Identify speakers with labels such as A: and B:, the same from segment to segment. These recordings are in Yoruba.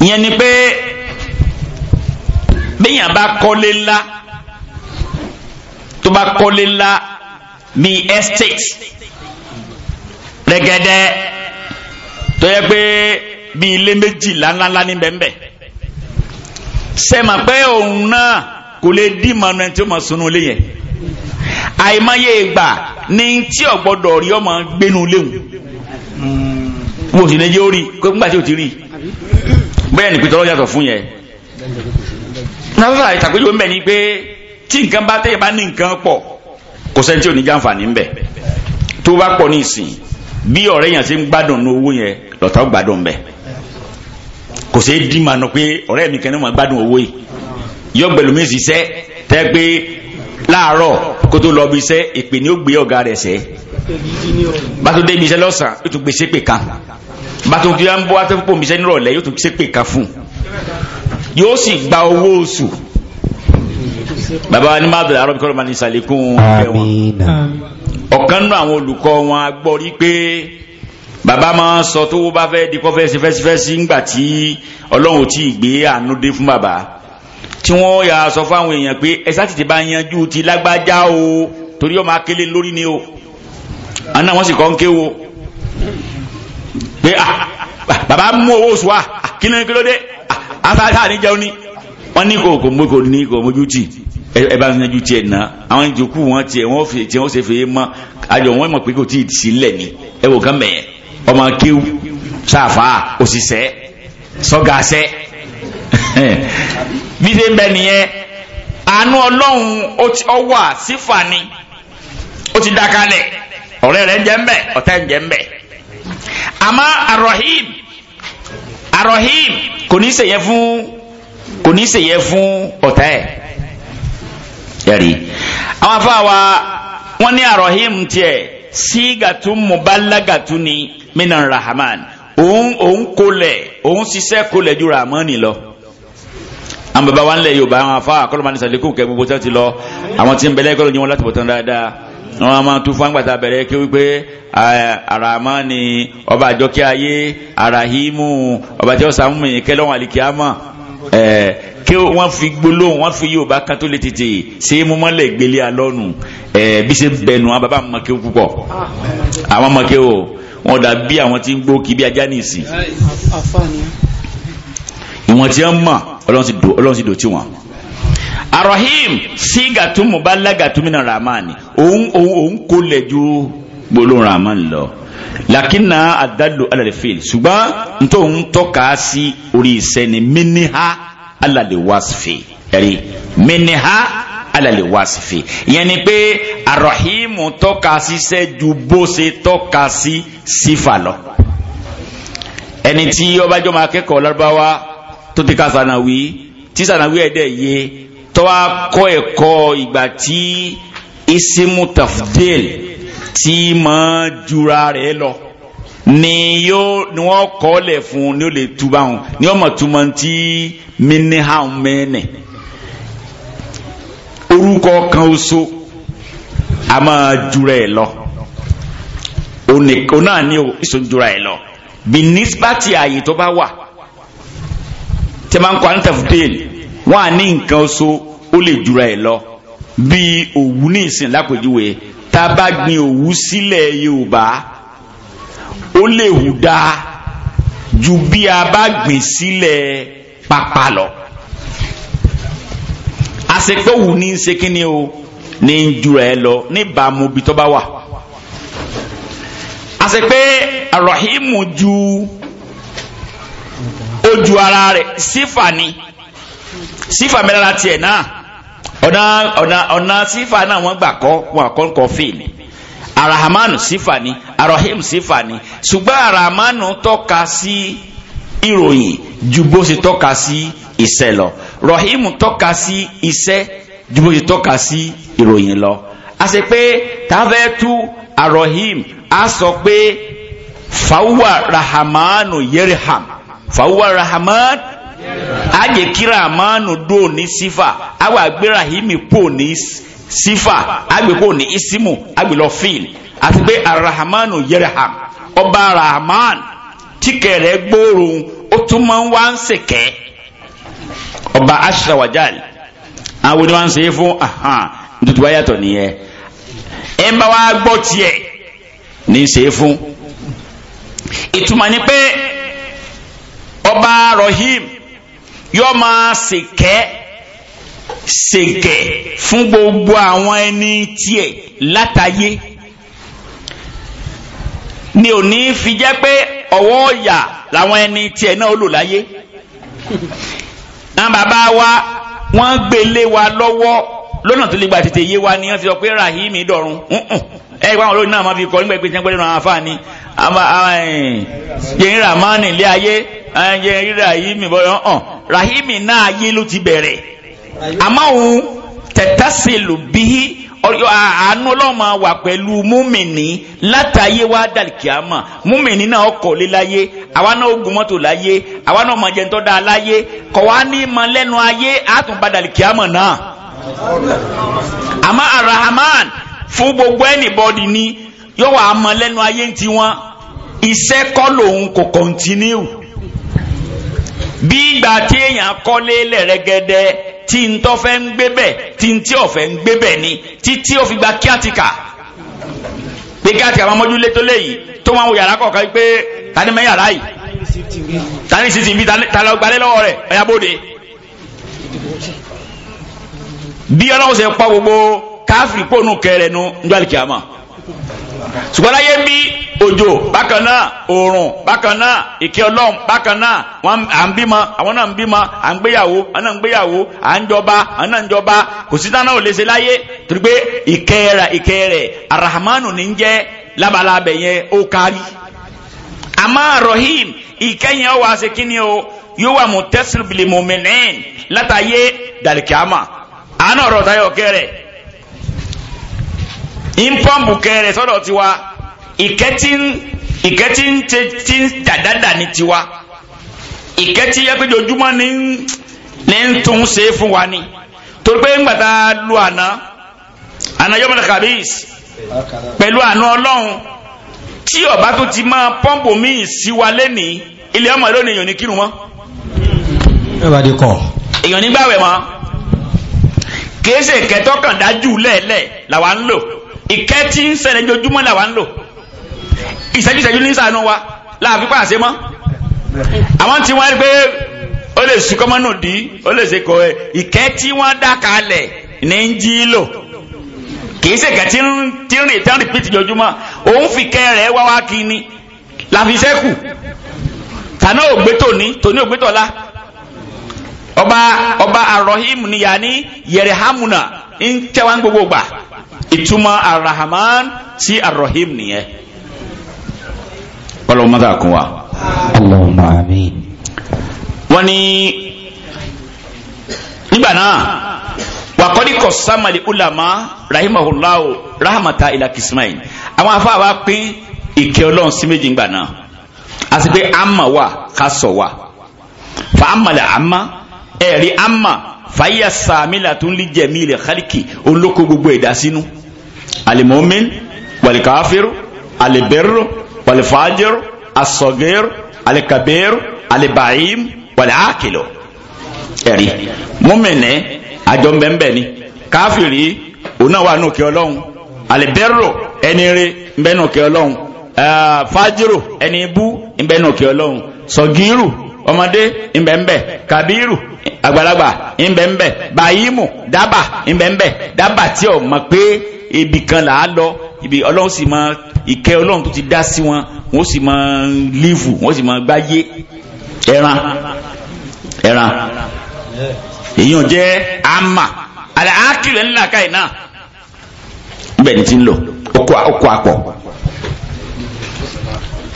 A: ìyẹn ni pé bẹ́yìn bá kọ́lé ńlá tó bá kọ́lé ńlá bíi estate rẹ́gẹ́dẹ́ tó yẹ pé bíi ilé méjìlá ńláńlá ní bẹ́ẹ̀ sẹ́mà pé òun náà kò lè dí ìmọ̀nà tí ó mọ̀ sunu ilé yẹn àìmọye ìgbà ní tí ọ̀gbọ́dọ̀ rí ọmọ gbénu léwu wò sí ní yóò rí kó nígbà tí ò ti rí i bẹ́ẹ̀ ni pété ọlọ́yàtọ̀ fún yẹn. nàfẹ́fẹ́ àìsàpéjọ ń bẹ̀ ni pé tí nǹkan bá tẹ́yẹ bá ní nǹkan pọ̀ kò sẹ́ni tí ò ní jàǹfààní ń bẹ̀ tó bá pọ̀ ní ìsìn bí ọ̀rẹ́ yẹn ṣe ń gbádùn ní owó yẹn lọ́tà ó gbádùn bẹ̀ kò sí dì mà nù pé ọ̀rẹ́ mi kẹ́ni mà gbádùn owó yìí yọ gbẹlùmí ṣiṣẹ́ tẹ́ pé láàárọ̀ kó tó lọ bí iṣẹ́ ìpè ní ó gbé ọ̀gá rẹ̀ sẹ́ bá tó dé ibi iṣẹ́ lọ́sàn ó tún gbèsè pè kan bàtò kí wọn bọ atẹ́fúnpọ̀ mi sẹ́ni rọ̀lẹ́ yóò tún ṣe pè ká fún yóò sì gba owó oṣù bàbá wa ní má bẹ̀rẹ̀ arọ́bí kọ́lọ́mà ní ìsàlẹ̀kùn ọ̀fẹ́ wọn ọ̀kan nù àwọn olùkọ́ wọn gbọ́rí pé bàbá máa sọ tó bá fẹ́ di kọ́ fẹ́ẹ́sì fẹ́ẹ́sì fẹ́ẹ́sì ńgbà tí ọlọ́run ò tí ì gbé àánú dé fún bàbá tí wọ́n yà sọ fáwọn èèyàn pé ẹ̀sà tètè bá yanjú ti lágbájá o torí ọmọ akélé lórí ni o àná wọn sì kọ́ ń ké o. pé ah, bàbá mú owó oṣù wa ah, kí ló dé? kílódé ah, ní jẹun ní ní kò kò mọ́kò ní kò mójú tì ẹ bá yanjú tiẹ̀ ná àwọn ìjòkú wọn tiẹ̀ wọ́n fi tiẹ̀ wọ́n ṣe fèé mọ́ àjọ wọn mọ̀ pé kò tí ì sílẹ̀ ni ẹ wò ọmọ ama arohim arohim kò ní í ṣèyẹ fún kò ní í ṣèyẹ fún ọ̀tá ẹ̀ yẹri àwọn afáwa wọn ní arahim tiẹ̀ sígàtú mubalagàtú ni minan rahman òun òun kolẹ̀ òun ṣiṣẹ́ kolẹ̀ ju rahmani lọ àwọn baba wa ń lẹ yorùbá àwọn afáwa kọlọmọ ní sàlékún kẹ gbogbo tí wọn ti lọ àwọn tí ń bẹlẹ kọlọ ní wọn láti bọ̀ tán dáadáa wọn a máa tún fún agbàtà bẹ̀rẹ̀ kí wípé arama ni ọba àjọkí ayé arahimu ọba tí ó sàmú mi kẹlẹ́wọ̀n àlìkíámà ẹ̀ kí wọ́n fi gbólóhùn wọ́n fi Yorùbá kan tó lè tètè ṣé mo mọ́ lè gbélé alọ́nu ẹ̀ bí ṣe bẹ̀nu àwọn bàbá mọ̀kẹ́ púpọ̀ àwọn mọ̀kẹ́ o wọn dà bí àwọn tí ń gbó kí bí ajá nìsí ìwọ̀n tí wọ́n mọ̀ ọlọ́run ti dò tí wọ́n arahim sígàtú mubalagàtú mina ramani òun òun òun kò lẹ̀ ju gbólóhùn rahman lọ lakinna adalu alalefil ṣùgbọ́n ntọ́ ń tọ́ka sí orí ìsẹ́ni miniha alalewasifi ẹ̀rí miniha alalewasifi ìyẹn ni pé arahimu tọ́ka síṣẹ́ ju bó ṣe tọ́ka sí sífà lọ ẹni tí ọbàjọ́ máa kẹ́kọ̀ọ́ lárúbáwá tó ti ká sànàwí tí sànàwí ẹ̀dẹ̀ yé tọ́wá kọ́ ẹ̀kọ́ ìgbà tí isimu tafdil tí máa jura rẹ̀ lọ ni yóò ni wọ́n kọ́ lẹ̀ fún ni ó lè tuba hàn ni wọ́n mọ̀ tuma ti minihan mẹ́nẹ̀ orúkọ kan so a máa jura ẹ̀ lọ o náà ní ìsò jura ẹ̀ lọ bí nísbàtì ààyè tó bá wà wọ́n á ní nǹkan oṣù ó lè jura ẹ̀ lọ bíi òwú ní ìsìn lápèjúwe tá a bá gbin òwú sílẹ̀ Yorùbá ó lè hù dáa ju bí a bá gbìn sílẹ̀ pápá lọ àsepẹ́wù ní ṣe kíni o ní ń jura ẹ lọ níbàámu bí tó bá wà àsepẹ́ àròhìmù ju ojú ara rẹ̀ sífà ni. Si sífà mẹ́lára tiẹ̀ náà ọ̀nà ọ̀nà ọ̀nà sífà náà wọ́n gbà kọ́ wọn kọ́ kọ́ fèèlì arahamanu sífà ni arahim sífà ni ṣùgbọ́n arahamanu tọ́ka sí ìròyìn ju bó ṣe tọ́ka sí iṣẹ́ lọ rahim tọ́ka sí iṣẹ́ ju bó ṣe tọ́ka sí ìròyìn lọ àṣẹ pé tàfẹ́tù arahim a sọ pé fawwa rahamanu yerham fawwa rahamanu. a jẹ́ kí ramanu dúró ní sífà a wà gbé rahimi pò ní sífà a a gbé lọ fíìl àti pé arahamanu ọba rahman tíkẹ̀rẹ̀ gbóòórùn ó tún máa ń ọba ashrawajal àwọn onímọ̀ ń ṣe fún nítorí wáyà nìyẹn ẹ ń bá wa gbọ́ tiẹ̀ ní í fún ọba rahim yóò máa ṣèkẹ́ ṣèkẹ́ fún gbogbo àwọn ẹni tiẹ̀ látàyé ni ò ní fi jẹ́ pé ọwọ́ ọ̀yà làwọn ẹni tiẹ̀ náà ó lò láyé àwọn bàbá wa wọ́n gbélé wa lọ́wọ́ lọ́nà tó lè gba tètè yé wa ni wọ́n fi sọ pé rahimi dọ̀run ẹ ẹ wọn lórí náà wọ́n fi kọ́ nígbà pé tí wọ́n gbẹ́dẹ́ náà wọ́n fà ní yẹn ramani ilé ayé ẹ̀yẹ rí rahimi bọ́yọ̀ hàn rahimi náà ayé ló ti bẹ̀rẹ̀ àmọ́hùn tẹ̀tẹ́sílù bíi àánú ọlọ́mọ wà pẹ̀lú múmìnì látàyé wá dàlìkíámà múmìnì náà kọ̀ lé láyé àwa náà ogun mọ́tò láyé àwa náà mọ̀ jẹ́ntọ́ dáa láyé kọ̀ wá ní mọ lẹ́nu ayé àtúnba náà. àmọ́ arahaman fún gbogbo ẹnìbọ́dì ni yóò wà á aye lẹ́nu ayé ń tiwọn iṣẹ́ kọ́ lòun bí ìgbà tí èèyàn kọ́lé lẹ̀rẹ́gẹ́dẹ́ tí ń tọ́ fẹ́ ń gbé bẹ̀ tí ń tí ò fẹ́ ń gbé bẹ̀ ni títí ó fi gba kíátìkà pé kíátìkà máa mọ́jú lé tó léyìí tó máa wo yàrá kọ̀ọ̀kan pé tani mẹ́ yàrá yìí tani sisi ti bí tani ọgbàlẹ́ lọ́wọ́ rẹ̀ ọ̀yà bóde bí ọlọ́run ṣe pọ́ gbogbo káfírí pòónù kẹrẹ̀ nu njọ́ àlìkìyàmọ́ ṣùgbọ́n láyé ń bí ojo bákan náà òòrùn bákan náà ìkẹ́ ọlọ́run bákan náà wọn à ń bímọ àwọn náà ń bímọ à ń gbéyàwó à náà ń gbéyàwó à ń jọba à náà ń jọba kò sí dáná ò lè ṣe láyé torí ní ń jẹ́ labalábẹ̀ yẹn ó kárí àmọ́ rahim o yóò wà mú tẹ́sílbìlì mọ́mìnín látàyé dàlìkàmà àánú ọ̀rọ̀ táyọ̀ sọ́dọ̀ tiwa. ìkẹ́ tí ń dàdádà ní tiwa ìkẹ́ tí yẹ pé ojoojúmọ́ ní ń tún ṣe fún wa ni torí pé ńgbà tá a lu àná àná yọmọdé kàbíyèsí pẹ̀lú àná ọlọ́run tí ọba tó ti máa pọ́ǹpù míì sí wa lẹ́nìí ilé ọmọ lónìí èèyàn ní kírun mọ́. èèyàn ní gbàwẹ̀ mọ́ kìí ṣe ìkẹ́tọ́kàndájú lẹ́ẹ̀lẹ́ làwa ń lò ìkẹ́ ń ṣẹlẹ̀ ojoojúmọ́ làwa ń lò ìṣẹ́jú ìṣẹ́jú ní sànú wa láàfin pàṣẹ mọ́ àwọn tí wọ́n gbé ó lè sukọ́mọ́nù dí ó lè ṣe kọ́ ẹ ìkẹ́ tí wọ́n dá kalẹ̀ ní ń jí lò kìí ṣe kẹ́ tí ń rìn tí ń rìpítì jọjúmọ́ òun fi rẹ̀ wá wá kí ni láfi sẹ́kù tàná ògbé tòní tòní ògbé tọ́lá ọba ọba arahim níyà ní yẹrẹhamuna ń tẹ́wá gbogbo gbà ìtumọ̀ arahaman sí arahim nìyẹn kọ́lọ́wọ́ mọ́tà kún wa. Allahumma amin. wọ́n ní nígbà náà wàkọ́díkọ̀ sámàlì ulama rahimahulahu rahmata ila kismayin àwọn afáà wa pín ìkẹ́ ọlọ́run sí méjì ńgbà náà àti pé ama wà kásọ̀ wà fa amala ama ẹ̀rí ama fàyà sàmìlà tó ń lè jẹ̀mí ilẹ̀ kálíkì olóko gbogbo ẹ̀dá alimomin walikafiru alibẹ́rù wàlìfàájìr asọ̀gẹ́r alikabir alibaim wàlìákìlọ̀ ẹ̀rí múmìnì àjọ mbẹ́mbẹ́ ni káfìrí òun náà wà nù kí ọlọ́run alibẹ́rò ẹni rí mbẹ́nù kí ọlọ́run fájìrò ẹni bú mbẹ́nù kí ọlọ́run sọ̀gírù ọmọdé ìbẹ̀ǹbẹ̀ kàbírù àgbàlagbà ìbẹ̀ǹbẹ̀ bàyímù dábà ìbẹ̀ǹbẹ̀ dábà tí ò mọ̀ pé ibì là á lọ ibi ọlọ́run sì máa ìkẹ́ ọlọ́run tó ti dá sí wọn wọ́n sì máa lífù wọ́n sì máa gbáyé ẹran ẹran èyàn jẹ́ ama àlẹ́ àákìlẹ̀ ńlá káyìí náà ibẹ̀ ni ti ń lò ọkọ̀ àpọ̀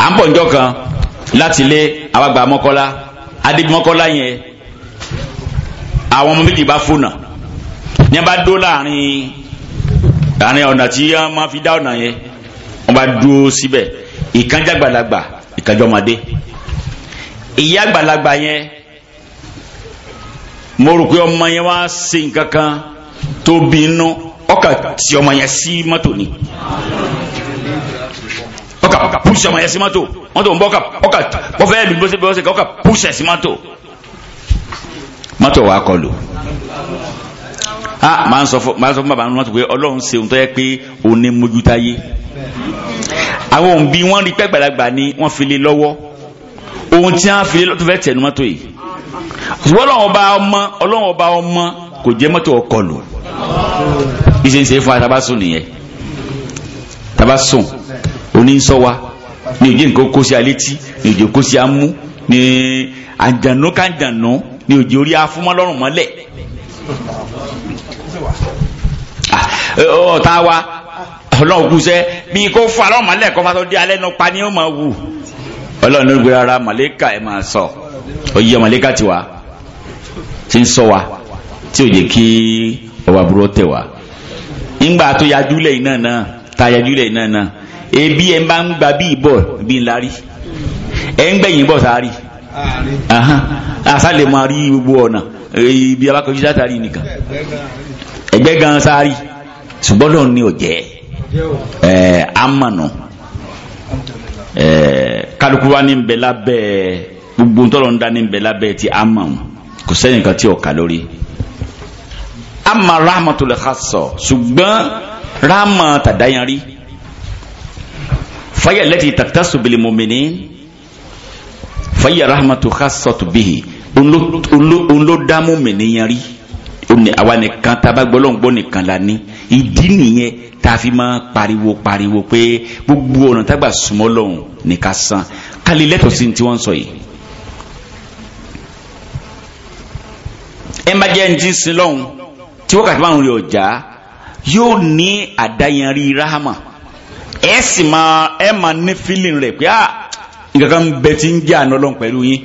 A: à ń bọ̀ njọ́ kan láti lé awàgbà mọ́kọ́lá adébí mọ́kọ́lá yẹn àwọn ọmọ méjì bá fò náà ní a bá dó láàrin àárín ọ̀nà tí wọ́n máa fi dá ọ̀nà yẹn wọ́n bá dúró síbẹ̀ ìkànjá àgbàlagbà ìkànjá ọmọdé ìyá àgbàlagbà yẹn mo rò pé ọmọ yẹn wá ṣe nǹkan kan tó bí inú ọkà tí ọmọ yẹn sí mọ́tò ni ọkà púṣì ọmọ yẹn sí mọ́tò mọ́tò ń bọ́ ọkà bọ́fẹ́ mi bó ṣe bọ́ ṣe ọkà púṣì ẹ̀ wa kọlù ah máa ń sọ fún máa ń sọ fún bàbá wọn tó pé ọlọ́run ṣeun tó yẹ pé òun ní mójútó ayé àwọn òǹbí wọn rí pẹ́gbàlagbà ni wọ́n fi lé lọ́wọ́ ohun tí wọ́n fi lé tó fẹ́ tẹ̀nu mọ́tò yìí ṣùgbọ́n ọlọ́run ọba ọmọ ọlọ́run ọba ọmọ kò jẹ́ mọ́tò ọkọlù ìṣèṣe fún atabasùn nìyẹn tabasùn oníṣọ́ wa ní òjì nǹkan kó sí alétí ní òjì kó sí amú ní àjànú kàjànú ní òjì orí afúnmọ́lọ́rùn mọ́lẹ̀ ọ̀tá wa ah, sẹ́ bí kò fún alọ́ màlẹ́ alẹ́ ni ó máa wù ọlọ́run ló gbé ara ẹ máa sọ oyè tiwa ti ń sọ wa tí ò yẹ kí ọba burú tẹ̀ wá ńgbà tó yájú lẹ́yìn náà náà tá ebi ẹ̀ ń bá ń gba bí ìbọ̀ bí ẹ̀ ń gbẹ̀yìn bọ̀ àṣà lè máa rí gbogbo ọ̀nà ibi ẹ̀jẹ̀ gan sáré ṣùgbọ́n lọ́n ní òjẹ́ ẹ̀ amànà ẹ̀ kálukú wa ní bẹ̀ lábẹ́ gbogbo ntọ́lọ̀ ń dá ní bẹ̀ lábẹ́ ti amàn kò sẹ́yìn kan tí ò kà lórí ama rahmatul khasọ ṣùgbọ́n rahma tàdáyanrí fàyà lẹ́tì tàkítàṣù bìlì mọ́mìnì fàyà rahmatul khasọ tó bìhì òun ló dá mọ́mìnì yanrí ní àwa nìkan tábà gbọ́lọ́ngbọ́ nìkan la ní ìdí nìyẹn tá a fi máa pariwo pariwo pé gbogbo ọ̀nà tágbà súnmọ́ lọ́hùn nìkan san kálí lẹ́tọ̀ọ́ sí tí wọ́n ń sọ yìí. ẹ má jẹ́ ní ti sin lọ́hùn tí wákàtí márùn-ún rẹ̀ ọ̀já yóò ní àdáyanrí ráhámà ẹ sì máa ẹ máa ní fílìn rẹ̀ pé ah, nǹkan kan bẹ ti ń jẹ́ àná lọ́hùn pẹ̀lú yín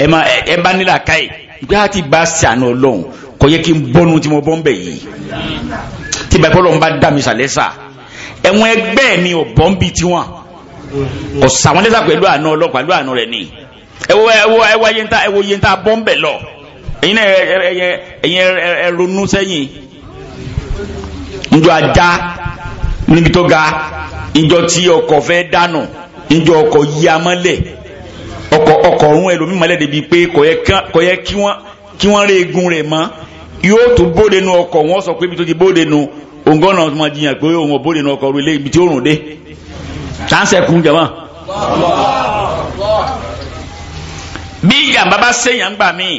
A: ẹ má ẹ bá nílà káyìí ìgbà àti bá sànù ọlọ́run kò yẹ kí n bọ́nu tí mo bọ́ ń bẹ̀ yìí tí bàbá ọlọ́run bá dà mí sàlẹ̀ sà ẹ̀wọ̀n ẹgbẹ́ mi ò bọ́ ń bi tiwọn kò sàwọn lẹ́sà pẹ̀lú àna ọlọ́pàá pẹ̀lú àna rẹ̀ ni ẹwọ ẹwọ ẹwọ yẹn ta ẹwọ yẹn ta bọ́ ń bẹ̀ lọ ẹ̀yin náà ẹ̀yẹ ẹ̀yẹ ẹ̀rọnú sẹ́yìn njọ ajá níbi tó ga njọ tí ọkọ̀ fẹ́ dànù njọ ọkọ̀ yí ọkọ̀ ọkọ̀ ọ̀run ẹlòmí malẹ̀ débi pé kò yẹ kí wọ́n rí egun rẹ̀ mọ́ yóò tún bóde nu ọkọ̀ wọ́n sọ pé ibi tó ti bóde nu òǹgọ́nà tó máa jiyàn pé òun ò bóde nu ọkọ̀ rú ilé ibi tí ó rùn dé táǹsẹ̀ kún jàmá. bí jàǹbá bá séyàn gbà míì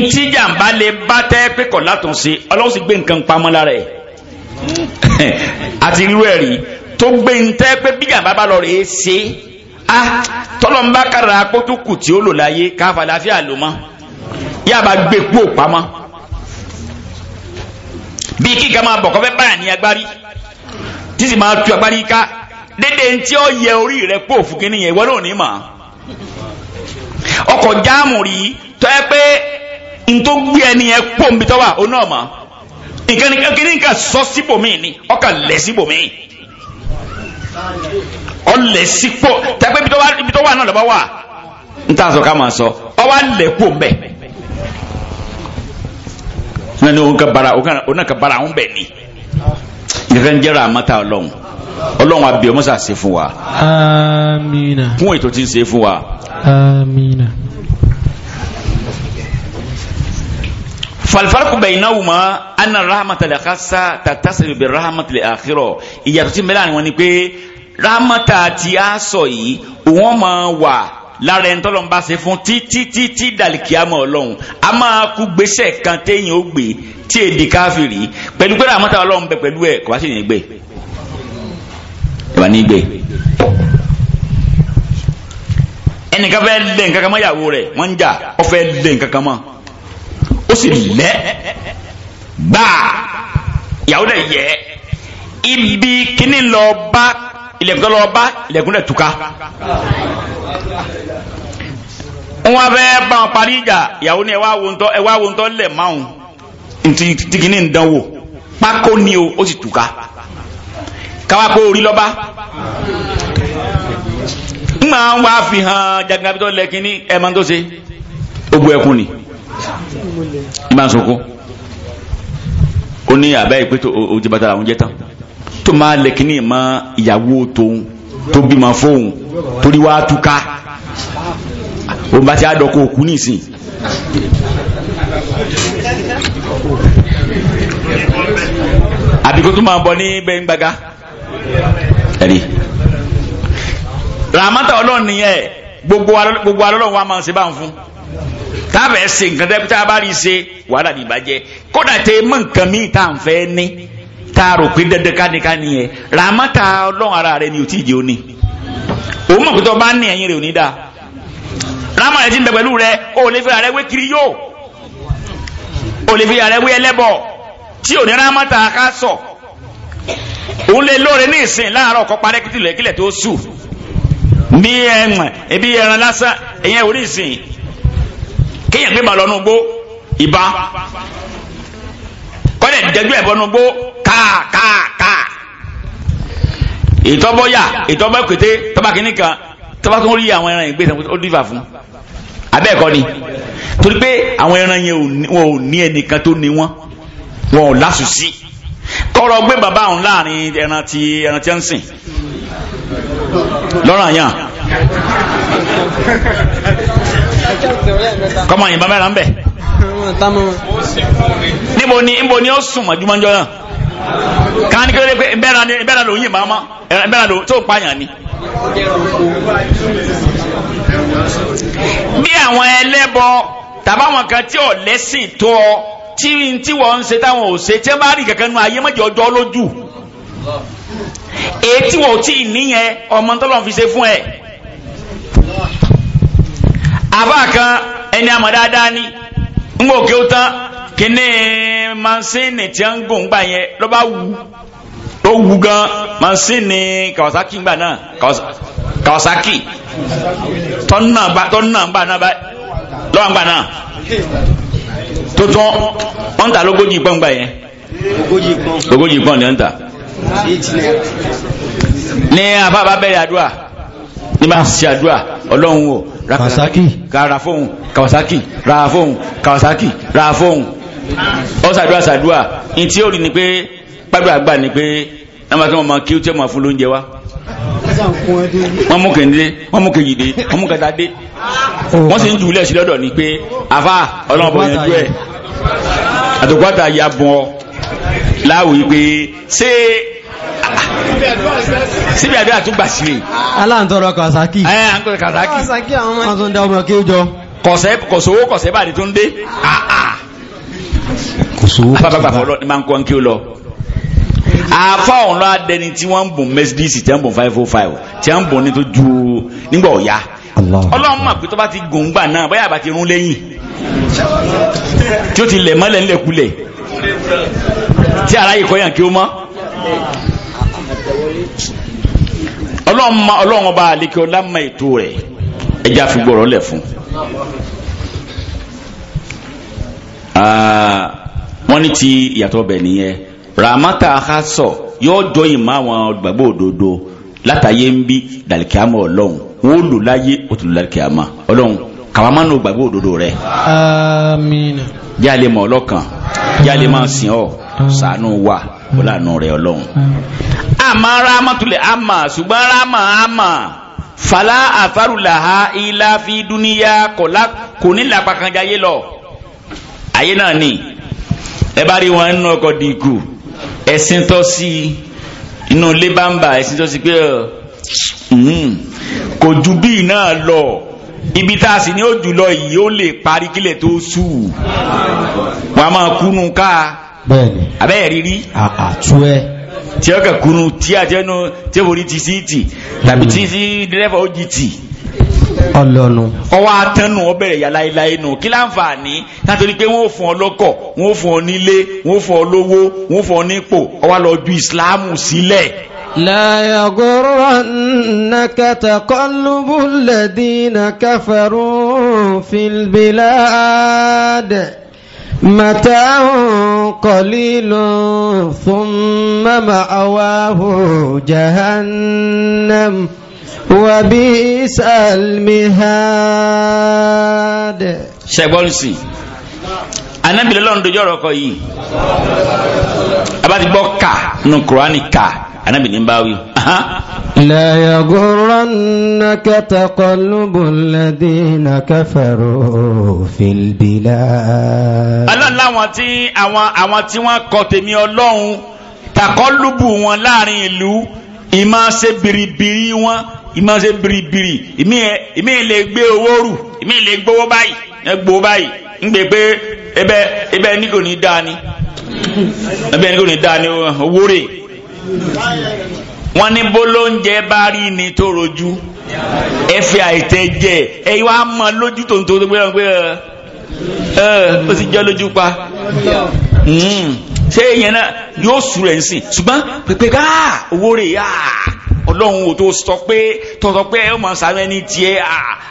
A: ntí jàǹbá lè bá tẹ́ pé kọ̀ látúnṣe ọlọ́run sì gbé nǹkan pamọ́ lára ẹ̀ àti irú ẹ̀ rí tó gbé ntẹ́ pé bí jàǹbá bá lọ rèé ṣe é. Ah, tọ́lọ́mbà kára akótókù tí ó lò láyé káfa láfíà ló mọ́ yá bá gbé kú òpamọ́ bí kíkà máa bọ̀ kọ́fẹ́ báyà ní agbárí tí sì máa tu agbárí ká dédé ntí ọ yẹ orí rẹ kó òfin kínní yẹn ìwọ náà ní mà ọkọ̀ jáàmù rí tọ́ ẹ pé ntó gbé ẹni yẹn kó nbí tọ́wà ó náà mà nǹkan nǹkan sọ síbòmíì ni ọkà lẹ̀ síbòmíì ọlẹ̀ sípò tẹ́pẹ́ ibi tó wà náà lọ́ba wà ń tà sọ ká máa sọ ọwọ́ lẹ̀ kú mbẹ́ náà ni O náà kan bara àwọn bẹ̀ ni ìdíkan ń jẹ́ra àmọ́ta ọlọ́run ọlọ́run abẹ́ ọmọ sàṣe fún wa àmín kún ètò tí ń ṣe fún wa àmín falfarku bainahuma anna rahmatal khassa tattasilu bi rahmatil akhirah ìyàtọ̀ tí mẹ́lá ni wọ́n ni pé rámọ́tà tí a sọ yìí òun máa wà lára ẹni tọ́lọ́n bá ṣe fún títí títí dàlìkíámọ̀ ọlọ́run a máa kú gbéṣẹ̀ kan téèyàn ó gbé tí èdè káfìrí pẹ̀lú pé rámọ́tà ọlọ́run bẹ pẹ̀lú ẹ̀ kò bá sì ní gbé ìwà ní gbé ẹnìkan fẹ́ lé nǹkan kan mọ́ ìyàwó rẹ̀ wọ́n ń jà ó fẹ́ lé nǹkan kan mọ́ ó sì lẹ́ gbà ìyàwó rẹ̀ yẹ ibi kíní lọ bá ilẹ̀kùn lọ bá ilẹ̀kùn rẹ̀ túká wọ́n fẹ́ bá wọn parí ìjà ìyàwó ni ẹwà wo ń tọ́ lẹ̀ máhùn tìkínní ń dánwò pákó ni o ó sì túká káwá pé orí lọ́ba ńgbà wá fi hàn jagunabitọ́ lẹ́kínní ẹ̀ máa ń tó ṣe ogun ẹkún ni ìbá ń sọkó ó ní àbẹ́ ìpẹ́tò òjìbàtà tán tó máa lẹ̀ kíní mọ́ ìyàwó tóun tó bímọ fóun torí wàá túká òun bá ti á dọ̀kọ̀ òkú nìsín. àbíkó tó máa bọ ní bẹ́ẹ̀ ń gbaga ẹ̀rí ràmátà ọlọ́run nìyẹn gbogbo alọ́lọ́run wa máa ń ṣe bá ń fún tábẹ̀ nǹkan tẹ́ tá a bá rí ṣe wàhálà ní ìbàjẹ́ kódà tẹ mọ nǹkan míì tá à ń fẹ́ ní tá a rò pé dandan kánikáni yẹn ràmátà ọlọ́run ara rẹ ni ò tí ì jẹ́ òní òun mọ̀ pé tó bá ní ẹ̀yìn rẹ ò ní dáa rámà rẹ ti ń bẹ pẹ̀lú rẹ o lè fi ààrẹ wé kiri yóò o lè fi ààrẹ wé ẹlẹ́bọ̀ tí ò ní rámátà ká sọ òun lè lóore ní ìsìn láàárọ̀ kọ́ parẹ́ kìtìlẹ̀ kílẹ̀ tó sù bí ẹ̀wọ̀n ẹbí ẹran lásán ẹ̀yẹn orí ìsìn kéèyàn gbé bàlọ́nù gbó ìbá dẹ̀ jẹ́jú ẹ̀ bọ́nu gbó káàkáàká ìtọ́bọ́yà ìtọ́bọ́ èkúté tọ́ba kìíní kan tọ́ba tó ń rí àwọn ẹran ìgbésẹ̀ ó dìbà fún abẹ́ẹ̀kọ́ ni torí pé àwọn ẹran yẹn wọn ò ní ẹnìkan tó ní wọn wọn ò lásùsí tọrọ gbé bàbá òun láàrin ẹran ti ẹran tí ń sìn lọ́rọ̀ àyàn kọ́mọ yìnbọn mẹ́ra ń bẹ̀. níbo ni níbo ni ó sùn mọ̀júmọ́jọ́ náà káàní kí ló pé ìbẹ́ra ni ìbẹ́ra ló ń yìnbọn eh, mọ́ ìbẹ́ra ló tó pààyàn ni. bí àwọn ẹlẹ́bọ tàbáwọn kan tí ò lẹ́sìn tó ọ tí tí wọ́n ń ṣe táwọn ò ṣe tí wọ́n bá rí kankan nu ayé mọ́jọ́ ọjọ́ lójú èyí e tí wọ́n ti níyẹn ọmọ tọ́lọ́ fi ṣe fún ẹ. E. àbá kan ẹni dáadáa ni. ń gbọ́ kéwú tán kíní mansini tí a ń gùn gbà yẹn ló bá wù ó wù gan mansini Kawasaki gbà náà Kawasaki tọ́nà gbà náà lọ́wọ́ gbà náà tó tán wọ́n ń ta lógójì pọ́n gbà yẹn lógójì pọ́n ni wọ́n ń ta ní ababa bẹ̀rẹ̀ àdúrà ní bá ń ṣe àdúrà ọlọ́run o kawasaki ra fóun kawasaki ra fóun kawasaki ra fóun ọ ṣàdúrà ṣàdúrà ní tí ó rí ni pé pàdúrà gbà ni pé ẹ máa kí wọn máa kí ó tẹ́ máa fún lóúnjẹ wa wọ́n mú kèndé wọ́n mú kèyí dé mú kẹta dé wọ́n sì ń jù lẹ́sí lọ́dọ̀ ni pé àfà ọlọ́mọbọ yẹn dú ẹ̀ àtòkọ́ta ya bọ̀ láwùí pé ṣé síbi àdúrà tó gbà sílẹ̀. aláǹtọ̀rọ̀ kàṣákì. ẹ àǹtọ̀rọ̀ kàṣákì. kàṣákì àwọn ọmọ tó ń dá ọmọ kí ó jọ. kọ̀sẹ̀ kọ̀sowó kọ̀sẹ̀ bàdé tó ń dé. kọ̀sowó kọ̀sẹ̀ bàdé. apá bàbá ọlọ́ọ̀ni máa ń kọ́ kí ó lọ afa ọ̀nà adẹni tí wọ́n ń bùn mercedes tí wọ́n ń bùn five oh five tí wọ́n ń bùn ní tó ju nígbà ọ̀ya ọlọ́run mà pé tó bá ti gòǹgbà náà báyà bá ti rún lẹ́yìn tí ó ti lẹ̀ mọ́lẹ̀ ńlẹ̀kulẹ̀ tí ara yìí kọ́ yàn kí ó mọ́ ọlọ́run ọlọ́run ọba àlekè ọlá ma ètò rẹ̀ ẹja fi gbọ́rọ̀ lẹ̀ fún. wọ́n ní ti ìyàtọ̀ bẹ̀ nìyẹn ramata ahasọ yóò jọ ìmọ̀ àwọn gbàgbọ́ òdodo látàyé ń bí dàlìkíámọ̀ ọlọ́run wọ́n lò láyé ó tún lò dàlìkíámọ̀ ọlọ́run kàwá má nù gbàgbọ́ òdodo rẹ̀. àmín. mọ̀ ọlọ́kan jẹ́ máa sìn ọ́ ṣàánú wa kó lànà rẹ̀ ọlọ́run. àmà rámàtúlẹ̀ àmà ṣùgbọ́n rámà àmà fàlà àfàrùlàhà ilà fi dúníyà kò ní làpá kan jayé lọ. ayé náà ni ẹ bá rí wọn nínú ọkọ̀ dìgù ẹ̀sìn tọ́ sí inú ilé bámbà ẹ̀sìn tọ́ sí pé kò ju bíi náà lọ ibi tá a sì ní ó jùlọ yìí ó lè parí kílẹ̀ tó sùn wàá máa kúnnú káa bẹ́ẹ̀ni abẹ́yẹ̀ rírí àtú ẹ tí ó kẹkùnú tí àtẹnu tí èbòrí ti sí tì tàbí tí sí dẹ́rẹ́fà ó jì tì ọlọ́nu ọwọ́ atẹ́nu ọbẹ̀rẹ̀ yà láéláé nù kí láǹfààní látòrí pé wọ́n fún ọ lọ́kọ̀ wọ́n fún ọ nílé wọ́n fún ọ lówó wọ́n fún ọ nípò ọwọ́ lọ ju ìsìláàmù sílẹ̀. لا يغرنك تقلب الذين كفروا في البلاد متاع قليل ثم مأواه جهنم وبئس المهاد ṣẹ̀gbọ́n sí anábìlẹ̀ lọ́nà dojú ọ̀rọ̀ kọ yìí abá ti gbọ́ kà nù kúránì kà anábìlẹ̀ ń bá wí. لا يغرنك تقلب الذين كفروا في البلاد aláwọn tí àwọn àwọn tí wọ́n kọ̀ tèmi Ọlọ́run takọ́lùbù wọn láàrin ìlú ìmọ̀ ṣe biribiri wọn ìmọ̀ ṣe biribiri ìmí lè gbé owó rù ìmí lè gbowó báyìí ẹ gbowó báyìí ń gbé pé ẹbẹ ẹbẹ ní kò ní dáa ni ẹbẹ ní kò ní dáa ni owó rè wọ́n ní bólóúnjẹ bá rí ni tó rojú ẹ fi àìtẹ jẹ ẹ wá mọ lójú tó ń tó tó gbéra pé ẹ ó sì jẹ lójú pa hmm. ṣé èèyàn náà yóò sùn rẹ̀ nsìn ṣùgbọ́n pèpè ká owó rè á ọlọ́run ò tó sọ pé tọ̀tọ̀ pé ẹ mọ̀ sáré ní tiẹ̀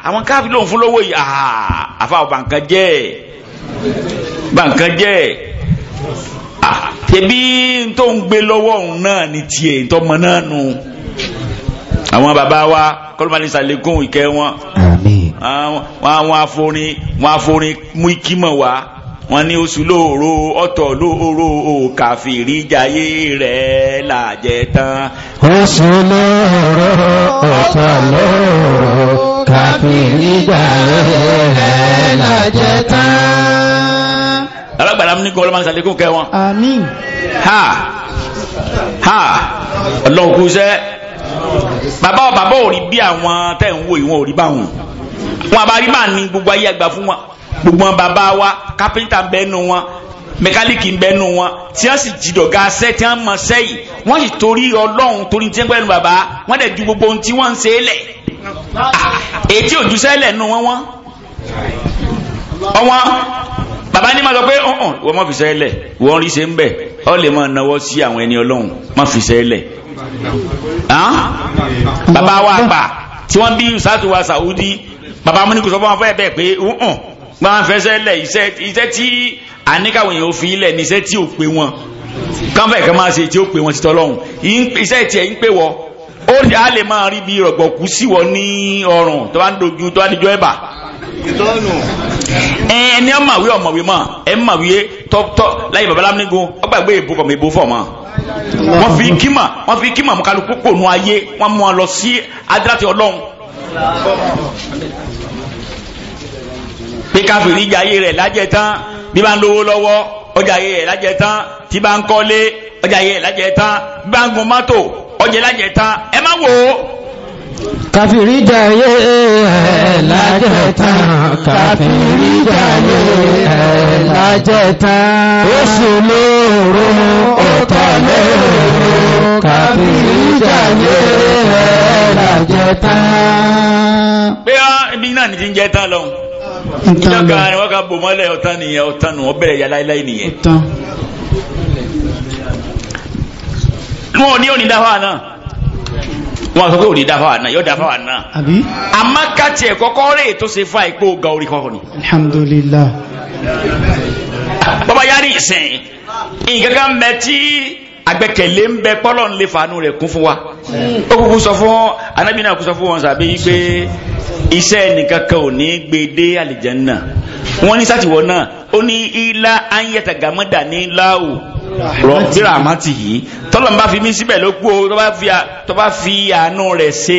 A: àwọn káàbí lòun fún lówó yìí àfa ò bàǹkan jẹ́ bàǹkan jẹ́ tẹ̀bí tó ń gbé lọ́wọ́ náà ni tiẹ̀ tọmọ náà nù àwọn bàbá wa kọlùmọ́ni sàlékún ìkẹ́ wọn àwọn aforin wọn aforin mú ikímọ̀ wá wọn ní oṣù lóòrò ọ̀tọ̀ lóòrò òkàfìrí jayé rẹ̀ làjẹ tán. oṣù lóòrò ọ̀tọ̀ lóòrò kàfìrí jayé rẹ̀ làjẹ tán alágbàdá ní kọ́ ọlọ́mọ sàlékún kẹ́ wọn. àmín. ha ha ọlọ́run kú sẹ́ bàbá ò bàbá ò rí bí àwọn tẹ̀ ń wò yìí wọn ò rí bá wọn wọn àbárí máa ní gbogbo ayé àgbà fún wọn gbogbo bàbá wa kápẹ́ńtà ń bẹ́nu wọn mẹkáníìkì ń bẹ́nu wọn tí wọ́n sì jìdọ̀gá sẹ́ tí wọ́n mọ sẹ́yìn wọ́n sì torí ọlọ́run torí tí wọ́n pẹ́nu bàbá ah, wọn bàbá ní ma sọ pé ọ̀hún wọ́n má fi sẹ́ lẹ̀ wọ́n rí ṣe ń bẹ̀ ọ lè máa náwó sí àwọn ẹni ọlọ́run má fi sẹ́ lẹ̀. bàbá wa pa tí wọ́n bí ṣáàtú wa Saudi bàbá amúnikù sọ fún wọn fẹ́ bẹ́ẹ̀ pé ọ̀hún máa fẹ́ sẹ́ lẹ̀ iṣẹ́ tí àníkàwé yẹn ò fi ilẹ̀ ní iṣẹ́ tí ò pé wọn kánfẹ̀ kan máa ṣe tí ó pé wọn títọ́ lọ́hùn iṣẹ́ tiẹ̀ ń pé wọ ó lè máa rí bí rọ̀gbọ̀kú sí wọ ní ọrùn tó bá ń dojú tó bá ń dojú ẹ̀bà ẹ ní ọmọ àwí ọmọ àwí mọ ẹ mọ àwí tọtọ láyé baba lamínigun ọgbà gbé èbó fọmọ èbó fọmọ wọn fi kíma wọn fi kíma kálukú pònú ayé wọn mú wọn lọ sí adúláti Ọlọ́run pé káfíìrì ìjà ayé rẹ lájẹ tán bí bá lówó lọ́wọ́ ọjà ayé rẹ lájẹ tán tí bá kọ́lé ọjà ayé rẹ lájẹ tán bí bá gun mọ́tò ọjà lájẹ tán ẹ má wò ó kàfìrí jàyé ẹ̀lájẹ̀tàn kàfìrí jàyé ẹ̀lájẹ̀tàn oṣù lóòrò ọ̀tọ̀ lóòrò kàfìrí jàyé ẹ̀lájẹ̀tàn pé á ibi náà ní jíjẹ tán lọ ìjọba ni wọ́n ká bò mọ́lẹ̀ ọ̀tán nìyẹn ọ̀tán nù wọ́n bẹ̀rẹ̀ yà láíláí nìyẹn wọn ò ní òní dáhọ́ àná wọn sọ pé òní dáfà wà náà yóò dáfà wà náà amákàtì ẹ̀kọ́ kọ́rẹ́ tó ṣe fún àìpé òga orí kọ́kọ́ ni. alhamdulillah. bàbá yára ìsìn nǹkan kan bẹ tí agbẹkẹlé ń bẹ pọ́lọ́ ń lè fàánú rẹ̀ kún fún wa ó kúkú sọ fún anábì náà kú sọ fún wọn sàbí pé iṣẹ́ nìkan kan ò ní gbé dé àlìjẹ́ náà wọ́n ní sátìwọ́ náà ó ní ilá ayẹ́tàgámọ́dà ní láwù bíra àmàtì yìí tọ́lọ̀ ń bá fi mí síbẹ̀ ló kú o tó bá fi àánú rẹ̀ ṣe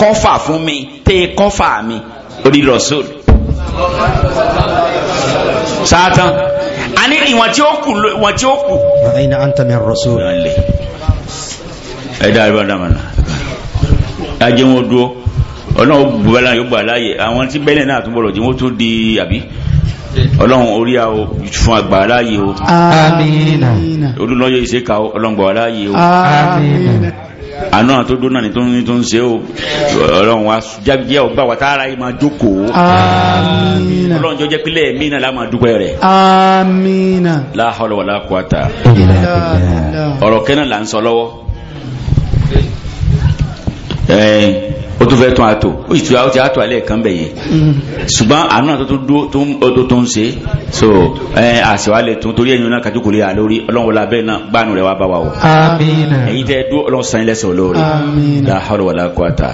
A: kọ́fà fún mi tẹ́ kọ́fà mi orí rọ̀sọ́ọ̀lù. sáátán a ní ìwọ̀n tí ó kù ìwọ̀n tí ó kù. ayi na an tẹ̀mí rọ̀sọ́ọ̀lù. ẹ dáa ẹ bá dàmà náà ajé wọn dúró ọlọ́run bùbá láyé gbà láàyè àwọn tí bẹ́lẹ̀ náà túbọ̀ lọ jí wọ́n tún di àbí ọlọ́run orí àwọ fún àgbà aláyé o àmín olúlọ́yẹ ìṣẹ́ka ọlọ́ngbà aláyé o àmín àná tó dóná ní tó ń tó ń ṣe o ọlọ́run wa jẹ́ ọgbà wa tààrà yìí máa jókòó àmín ọlọ́run jọ jẹ́ pílẹ̀ mí náà dúpẹ́ rẹ̀ àmín la hawla ọ̀rọ̀ kẹ́nà là ń sọ lọ́wọ́ ó tún fẹ́ tún àtò ó sì tún àwọn ti àtò alẹ́ kan bẹ̀ yẹn ṣùgbọ́n àánú àti tó tó ń ṣe so àṣewálẹ̀ tó torí ẹ̀yin náà kájú kò lè yà lórí ọlọ́run wọlé abẹ́ náà gbánu rẹ̀ wá bá wa o. àmín. ẹ̀yin tẹ́ dúró ọlọ́run sàn ilẹ̀ sọ̀rọ̀ lórí. la hawla wala quwata.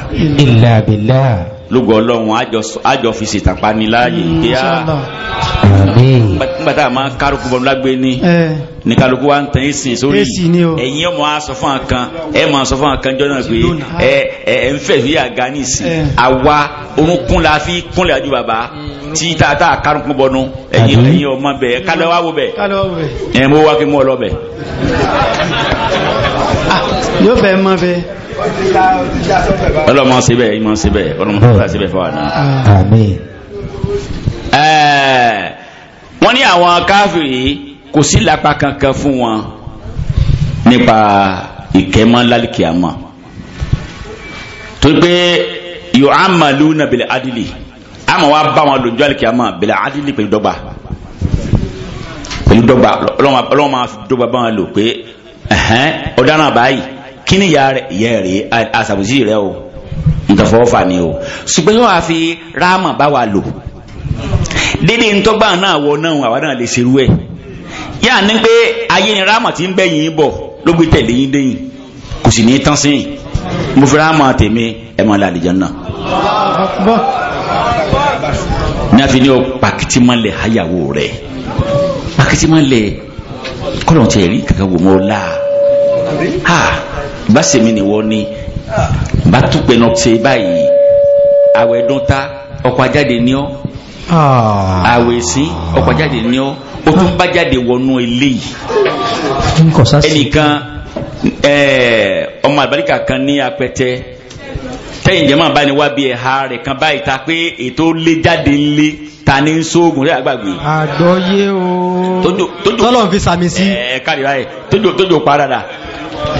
A: illa billah lógo ọlọ́run àjọ fi ṣètàpá ní láàyè kí á gbàtà máa kárùkù bọ́n lágbé ní eh. ní kálukú wa ń tẹ̀ ẹ̀sìn sórí ẹ̀yìn ọmọ asọ fún àkan ẹ̀ máa sọ fún àkan jọ́nà pé ẹ̀ ẹ̀ ń fẹ̀ fi àga ní ìsìn eh. àwa orúnkún la fi kúnlẹ̀ àjú bàbá mm, tí tata kárùkù bọ́nu ẹ̀yìn ẹ̀yìn ọmọ bẹ̀ kálọ̀ wá wo bẹ̀ ẹ̀ mo wá kí mo lọ ah, yóò fẹ́ mọ bẹ́ẹ̀ ọlọ́mọ síbẹ̀ ìmọ̀ síbẹ̀ ọlọ́mọ síbẹ̀ síbẹ̀ fún àná. àmín. wọ́n ní àwọn káfíìrì kò sí lápá kankan fún wọn nípa ìkẹ́mọ́ lálìkíyàmọ́ torí pé yóò á màlúù nàbẹ̀lẹ̀ adìlì àmọ́ wa bá wọn lójú àlìkíyàmọ́ bẹ̀lẹ̀ adìlì pẹ̀lú dọ́gba pẹ̀lú dọ́gba ọlọ́mọ dọ́gba bá wọn lò pé ọ̀daràn báyìí Kini ni ìyá rẹ̀ ìyá rẹ̀ àṣàbùsí rẹ̀ o nǹkan fọwọ́ fà ni o ṣùgbọ́n yóò wá fi ráàmà bá wa lò dédé ntọ́gbà náà wọ náà àwa náà lè ṣerú ẹ̀ yáà ní pé ayé ni ráàmà ti ń bẹ̀yìn bọ̀ ló gbé tẹ̀lé yín déyìn kò sì ní tán sẹ́yìn mo fi ráàmà tèmi ẹ̀ máa lọ àlùjánnà ní a fi ní o pàkìtì máa lẹ̀ háyàwó rẹ̀ pàkìtì máa lẹ̀ kọ́lọ̀ tẹ̀ rí kàkà wò mọ́ láà ha bá sèmi ni wọ́n ni bá tún pẹ̀lú ṣe báyìí àwẹ̀ dún ta ọkọ̀ ajáde ní ọ́ ah. àwẹ̀ sí ọkọ̀ ajáde ní ọ́ ó tún bá jáde wọnú ilé yìí ẹnìkan ọmọ àbáríkà kan ní apẹtẹ tẹ́yìn jẹ́ máa bá ní ta pé ètò lé jáde lé ta ní sóògùn rẹ̀ àgbàgbé. àgbọ̀yé o tọ́lọ̀ fi sàmì sí. ẹ̀ẹ́dẹ́gbẹ̀rẹ̀ tójò tójò pa dáadáa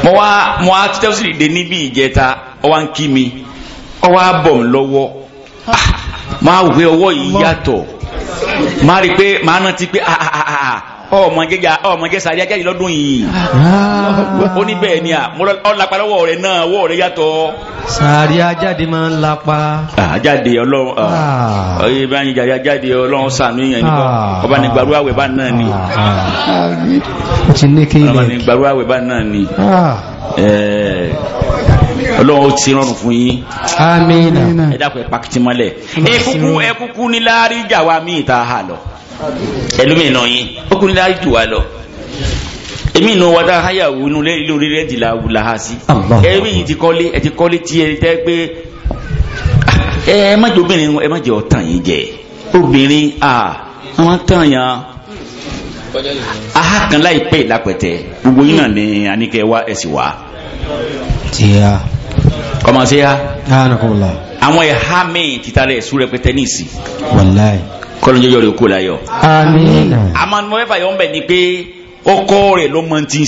A: mo wá mo wá títẹ́ ó sì dìde níbi ìjẹta ó wá ń kí mi ó wá bọ̀ mí lọ́wọ́ ah, máa wẹ ọwọ́ yìí yàtọ̀ máa rí i ọmọ jẹ́ sàrí ajáde lọ́dún yìí ah. ó ní bẹ́ẹ̀ ni à ọlápá lọ́wọ́ rẹ̀ náà wọ́ rẹ̀ yàtọ̀ sàrí ajáde máa ń lapa ajáde ọlọ́run ah. ọ̀yẹ́ bá ń jàrí ajáde ọlọ́run sànú yẹn nípa ah. ọba ní gbàrú àwẹ̀ bá náà ni ọba ní gbàrú àwẹ̀ bá náà ni ọlọ́run ó ti rọrùn fún yín àmín ẹ dákun ẹ pàkìtì mọ́lẹ̀ ẹ kúkú ẹ kúkú ní láàrín ìjà wa míì tá a hà lọ ẹlòmíì náà yín ó kún nílá jù wá lọ èmi nù wọ́n tá háyà wù nù lé ilé orílẹ̀ èdè làwù làhà sí ẹ̀mí yìí ti kọ́lé ẹ̀ ti kọ́lé tí ẹ tẹ́ pé ẹ ẹ má jẹ obìnrin ẹ má jẹ ọ̀tàn yìí jẹ obìnrin à wọ́n tàn yàn aha kan láìpẹ́ ìlápẹ̀tẹ̀ gbogbo yìí náà ni àníkẹ́ wá ẹ̀sìn wá. tíya. kọ́mọ sí ya. àwọn ẹ̀há mi ti ta rẹ̀ sùn rẹpẹtẹ ní ìsìn. wàláyé kọ́lọ́njọ́ yọrọ ikú láyọ̀. àmín. àmọ́ ní wọ́n fà ni pé ọkọ rẹ̀ ló mọ ti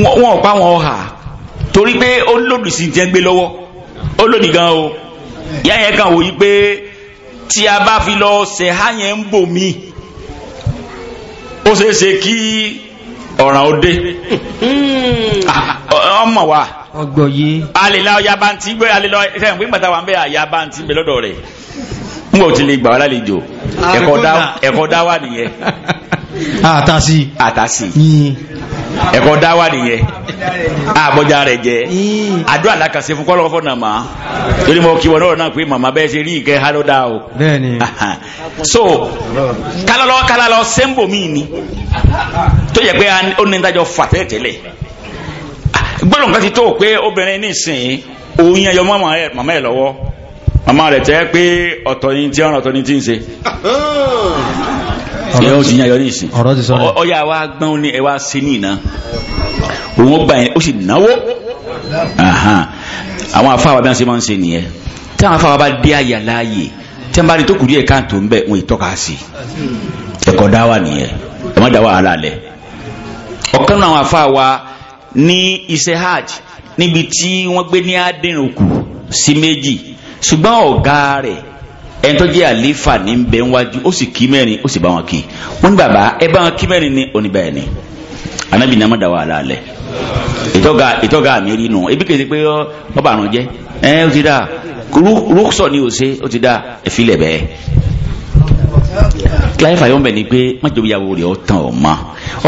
A: ń wọn ò pa wọn ọ̀hà torí pé ó ti ń gbé lọ́wọ́ ó gan o ìyá yẹn kan wò yí pé tí a bá fi lọ ṣe há yẹn ń bò mí ó ṣeé ṣe kí ọ̀ràn ó dé hmm. ọmọ wa ọgbọ̀n yìí alèlá ọyà bá ń tí gbé alèlá ẹ̀sẹ̀ ìpínpàtà wà ń bẹ àyà bá ń tí ń lọ́dọ̀ rẹ̀. ngbọ̀ tí lè gbà wá lálejò
B: ah. ẹ̀kọ́
A: atasi nìyẹn àtàsí àtàsí ẹ̀kọ́ dáwà nìyẹn àbọ̀já rẹ̀ jẹ́ àdó àlàkàṣe fún kọ́lọ́kọ́ fọ́nà mà torí mo kí wọn náà náà pé màmá bẹ́ẹ̀ ri rí ìkẹ́ háló dá o so kálọ́lọ́ kálọ́lọ́ sẹ́ńbò mí ni tele. Ah, ti mama màmá rẹ̀ tẹ́ pé ọ̀tọ̀ yìí tí ọ̀rọ̀ ọ̀tọ̀ ní tí ń ó ti yọ ní ìsìn ọ̀yà wa gbọ́n ní ẹ sí ní ìná òun ó gbà yẹn ó sì náwó àwọn afáwa bí wọ́n ṣe máa ń ṣe nìyẹn tí àwọn afáwa bá dé àyà láàyè tí wọ́n bá ní tó kù díẹ̀ káàtó ń bẹ̀ wọ́n ìtọ́ka sí ẹ̀kọ́ dá wà nìyẹn lẹ̀ ọ̀kan àwọn ní iṣẹ́ hajj níbi tí wọ́n gbé ní adínrùkù sí méjì ṣùgbọ́n ọ̀gá rẹ̀ ẹni tó jẹ́ àlífà ní bẹ̀ wájú ó sì kí mẹ́rin ó sì bá wọn kí wọ́n ní bàbá ẹ bá wọn kí mẹ́rin ní oníbà ẹ̀ ní anábì ní amọ̀dà wà lálẹ́ ìtọ́ga ìtọ́ga mi rí nù ebi kèsì pé ọba àrùn jẹ ẹ ó ti dá rúkṣọ ni ò ṣe ó ti dá ẹfilẹ̀ bẹ́ẹ̀ kíláyé fàyọ̀ mbẹ̀ ni pé májèlú yàwó rẹ̀ ọ̀tàn ọ̀ma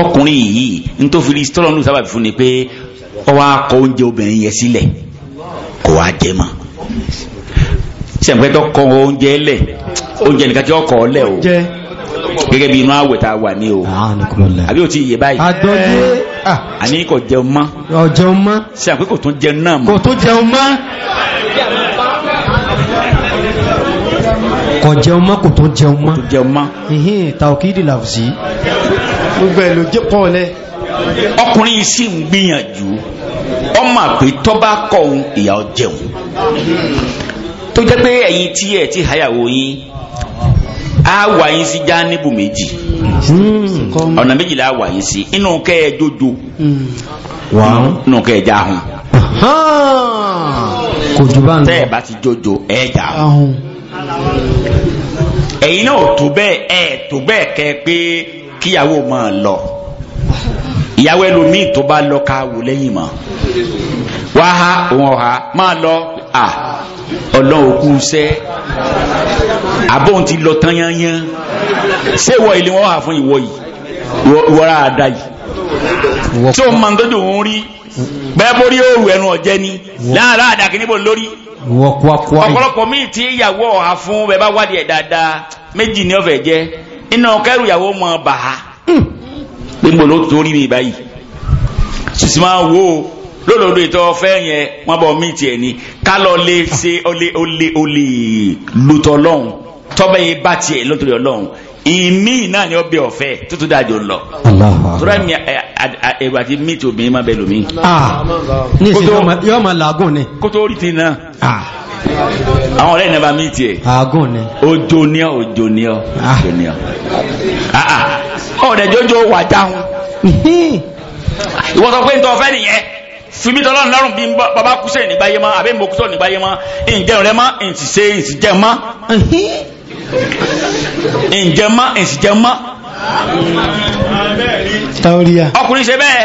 A: ọkùnrin yìí ntòfin tọ́lọ́nù sábàbí fún ni pé ọwọ́ akọ oúnjẹ obìnrin yẹn sílẹ̀ kò wá jẹ́ mọ́ sẹ̀ǹpẹ́ tó kọ oúnjẹ lẹ̀ oúnjẹ nìkan tí ó kọ́ lẹ̀ o gẹ́gẹ́ bí inú àwẹ̀ tá a wà ní o àbí o ti yè báyìí àní kò jẹun mọ́ ọ̀jẹun mọ́ sẹ̀ǹpẹ́ kò tún jẹun náà mọ́ kò tún jẹun mọ́ kò jẹun mọ́ kò tún jẹun mọ́ kò tún jẹun mọ́ tàwọ̀kìdì làwùsí gbogbo ẹ̀ ló jẹ́ pọ̀ lẹ́ ọkùnrin sì ń gbìyànjú ọmọ àpè tọ́ bá kọ̀ òun ìyà ọ̀jẹun tó jẹ́ pé ẹ̀yin tí ẹ̀ ti háyàwó yín á wà yín sí jánibù méjì hmm. ọ̀nà méjì la wà yín sí inú kẹ́ ẹ jójo hmm. inú kẹ́ ẹ já hun kò jù bá ń lọ tẹ́ ẹ bá ti jójo ẹ já hun ẹ̀yin náà tó bẹ́ẹ̀ ẹ̀ tó bẹ́ẹ̀ kẹ́ pé kíyàwó máa lọ ìyàwó ẹlòmíì tó bá lọ ká wò lẹ́yìn mọ́ wàá ha òun ọ̀ha máa lọ ọlọ́run kú sẹ́ àbóhun ti lọ tán yányán ṣé ìwọ ilé wọn wà fún ìwọ yìí ìwọ ra àdá yìí tí o máa ń tọ́jú òun rí bẹ́ẹ̀ borí òru ẹnu ọ̀jẹ́ ni láàárá àdàkì níbo lórí ọ̀pọ̀lọpọ̀ míì tí ìyàwó ọ̀hà fún bẹ́ẹ̀ bá wádìí ẹ̀ dáadáa méjì ní ọ̀fẹ́ jẹ́ iná kẹrù ìyàwó mọ̀ bàá níbo hmm. ló torí mi báyìí sísè máa wo lódodo ìtọ́ ọ̀fẹ́ yẹn wọ́n bọ̀ mí tiẹ̀ ni ká lọ lè ṣe olè olè olè lùtọ̀ ọlọ́run tọ́bẹ̀ yẹn bá tiẹ̀ lọ́tọ̀lẹ̀ ọlọ́run ìmí náà ni ó bẹ ọ̀fẹ́ tuntun dájọ́ lọ. tura mi ẹ̀rọ àti mí tí obìnrin máa bẹ lómi. Ah, ní ìsìn yóò máa làágùn ni. kótó orí ti náà ah. àwọn ọ̀rẹ́ ìnàbà mí tiẹ̀. àágùn ni. ojo ni ọ ojo ni ọ ojo ni ọ. Ah. ọ̀rẹ́jọ́jọ́ wà dáhùn. ìwọ sọ pé ntọ́ fẹ́ nìyẹn fimi tọ́lọ́run lọ́rùn bí bàbá kúṣẹ́ nígbà yẹn mọ́ àbí mo kúṣọ́ nígbà yẹn mọ́ ǹjẹ́ rẹ mọ́ ǹsì ṣe ǹsì jẹ mọ́ ǹjẹ́ mọ́ ǹsì jẹ mọ́. ọkùnrin ṣe bẹ́ẹ̀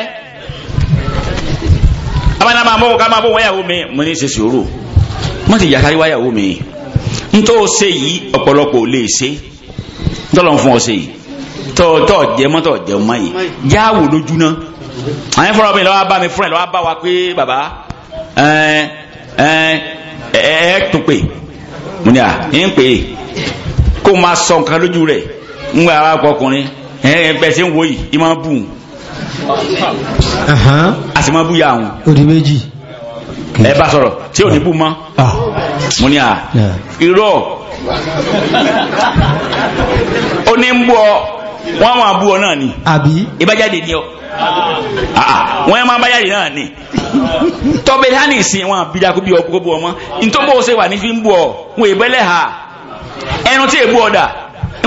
A: abáná máa mọ́wọ́ ká máa bọ́ wáyàwó mi mo ní í ṣe mo ti yàtá wáyàwó mi n tó ṣe yìí ọ̀pọ̀lọpọ̀ ò lè ṣe tọ́lọ́ fún ọ ṣe yìí tọ́ tọ́ jẹ́ mọ́ tọ́ jẹ́ mọ́ yìí yáwò lójú náà àyẹn fọlọ́ mi lọ́wọ́ bá mi fúnra lọ́wọ́ bá wa pé bàbá ẹ ẹ ẹ tún pè mo ní à ń pè é kó máa sọ nǹkan lójú rẹ̀ ń gba ara ọkùnrin ẹ ẹ bẹ́ẹ̀ ṣe ń wo yìí ìmọ̀ bù ú a sì máa bù yà àwọn. òdì méjì. ẹ bá sọ̀rọ̀ tí ò ní bù mọ́ ah. mo ní à irọ́ ó ní ń bú ọ wọ́n máa bú ọ náà ni. àbí. ìbájáde ni ọ. Ah, wọ́n yẹn máa bá náà ni tọ́bẹ̀ hàn ìsìn wọn àbídà kó bí ọkọ̀ bú ọmọ nítorí wà ní fi ń ọ wọ́n èbẹ́ lẹ̀ ha ẹnu tí èbú ọ̀dà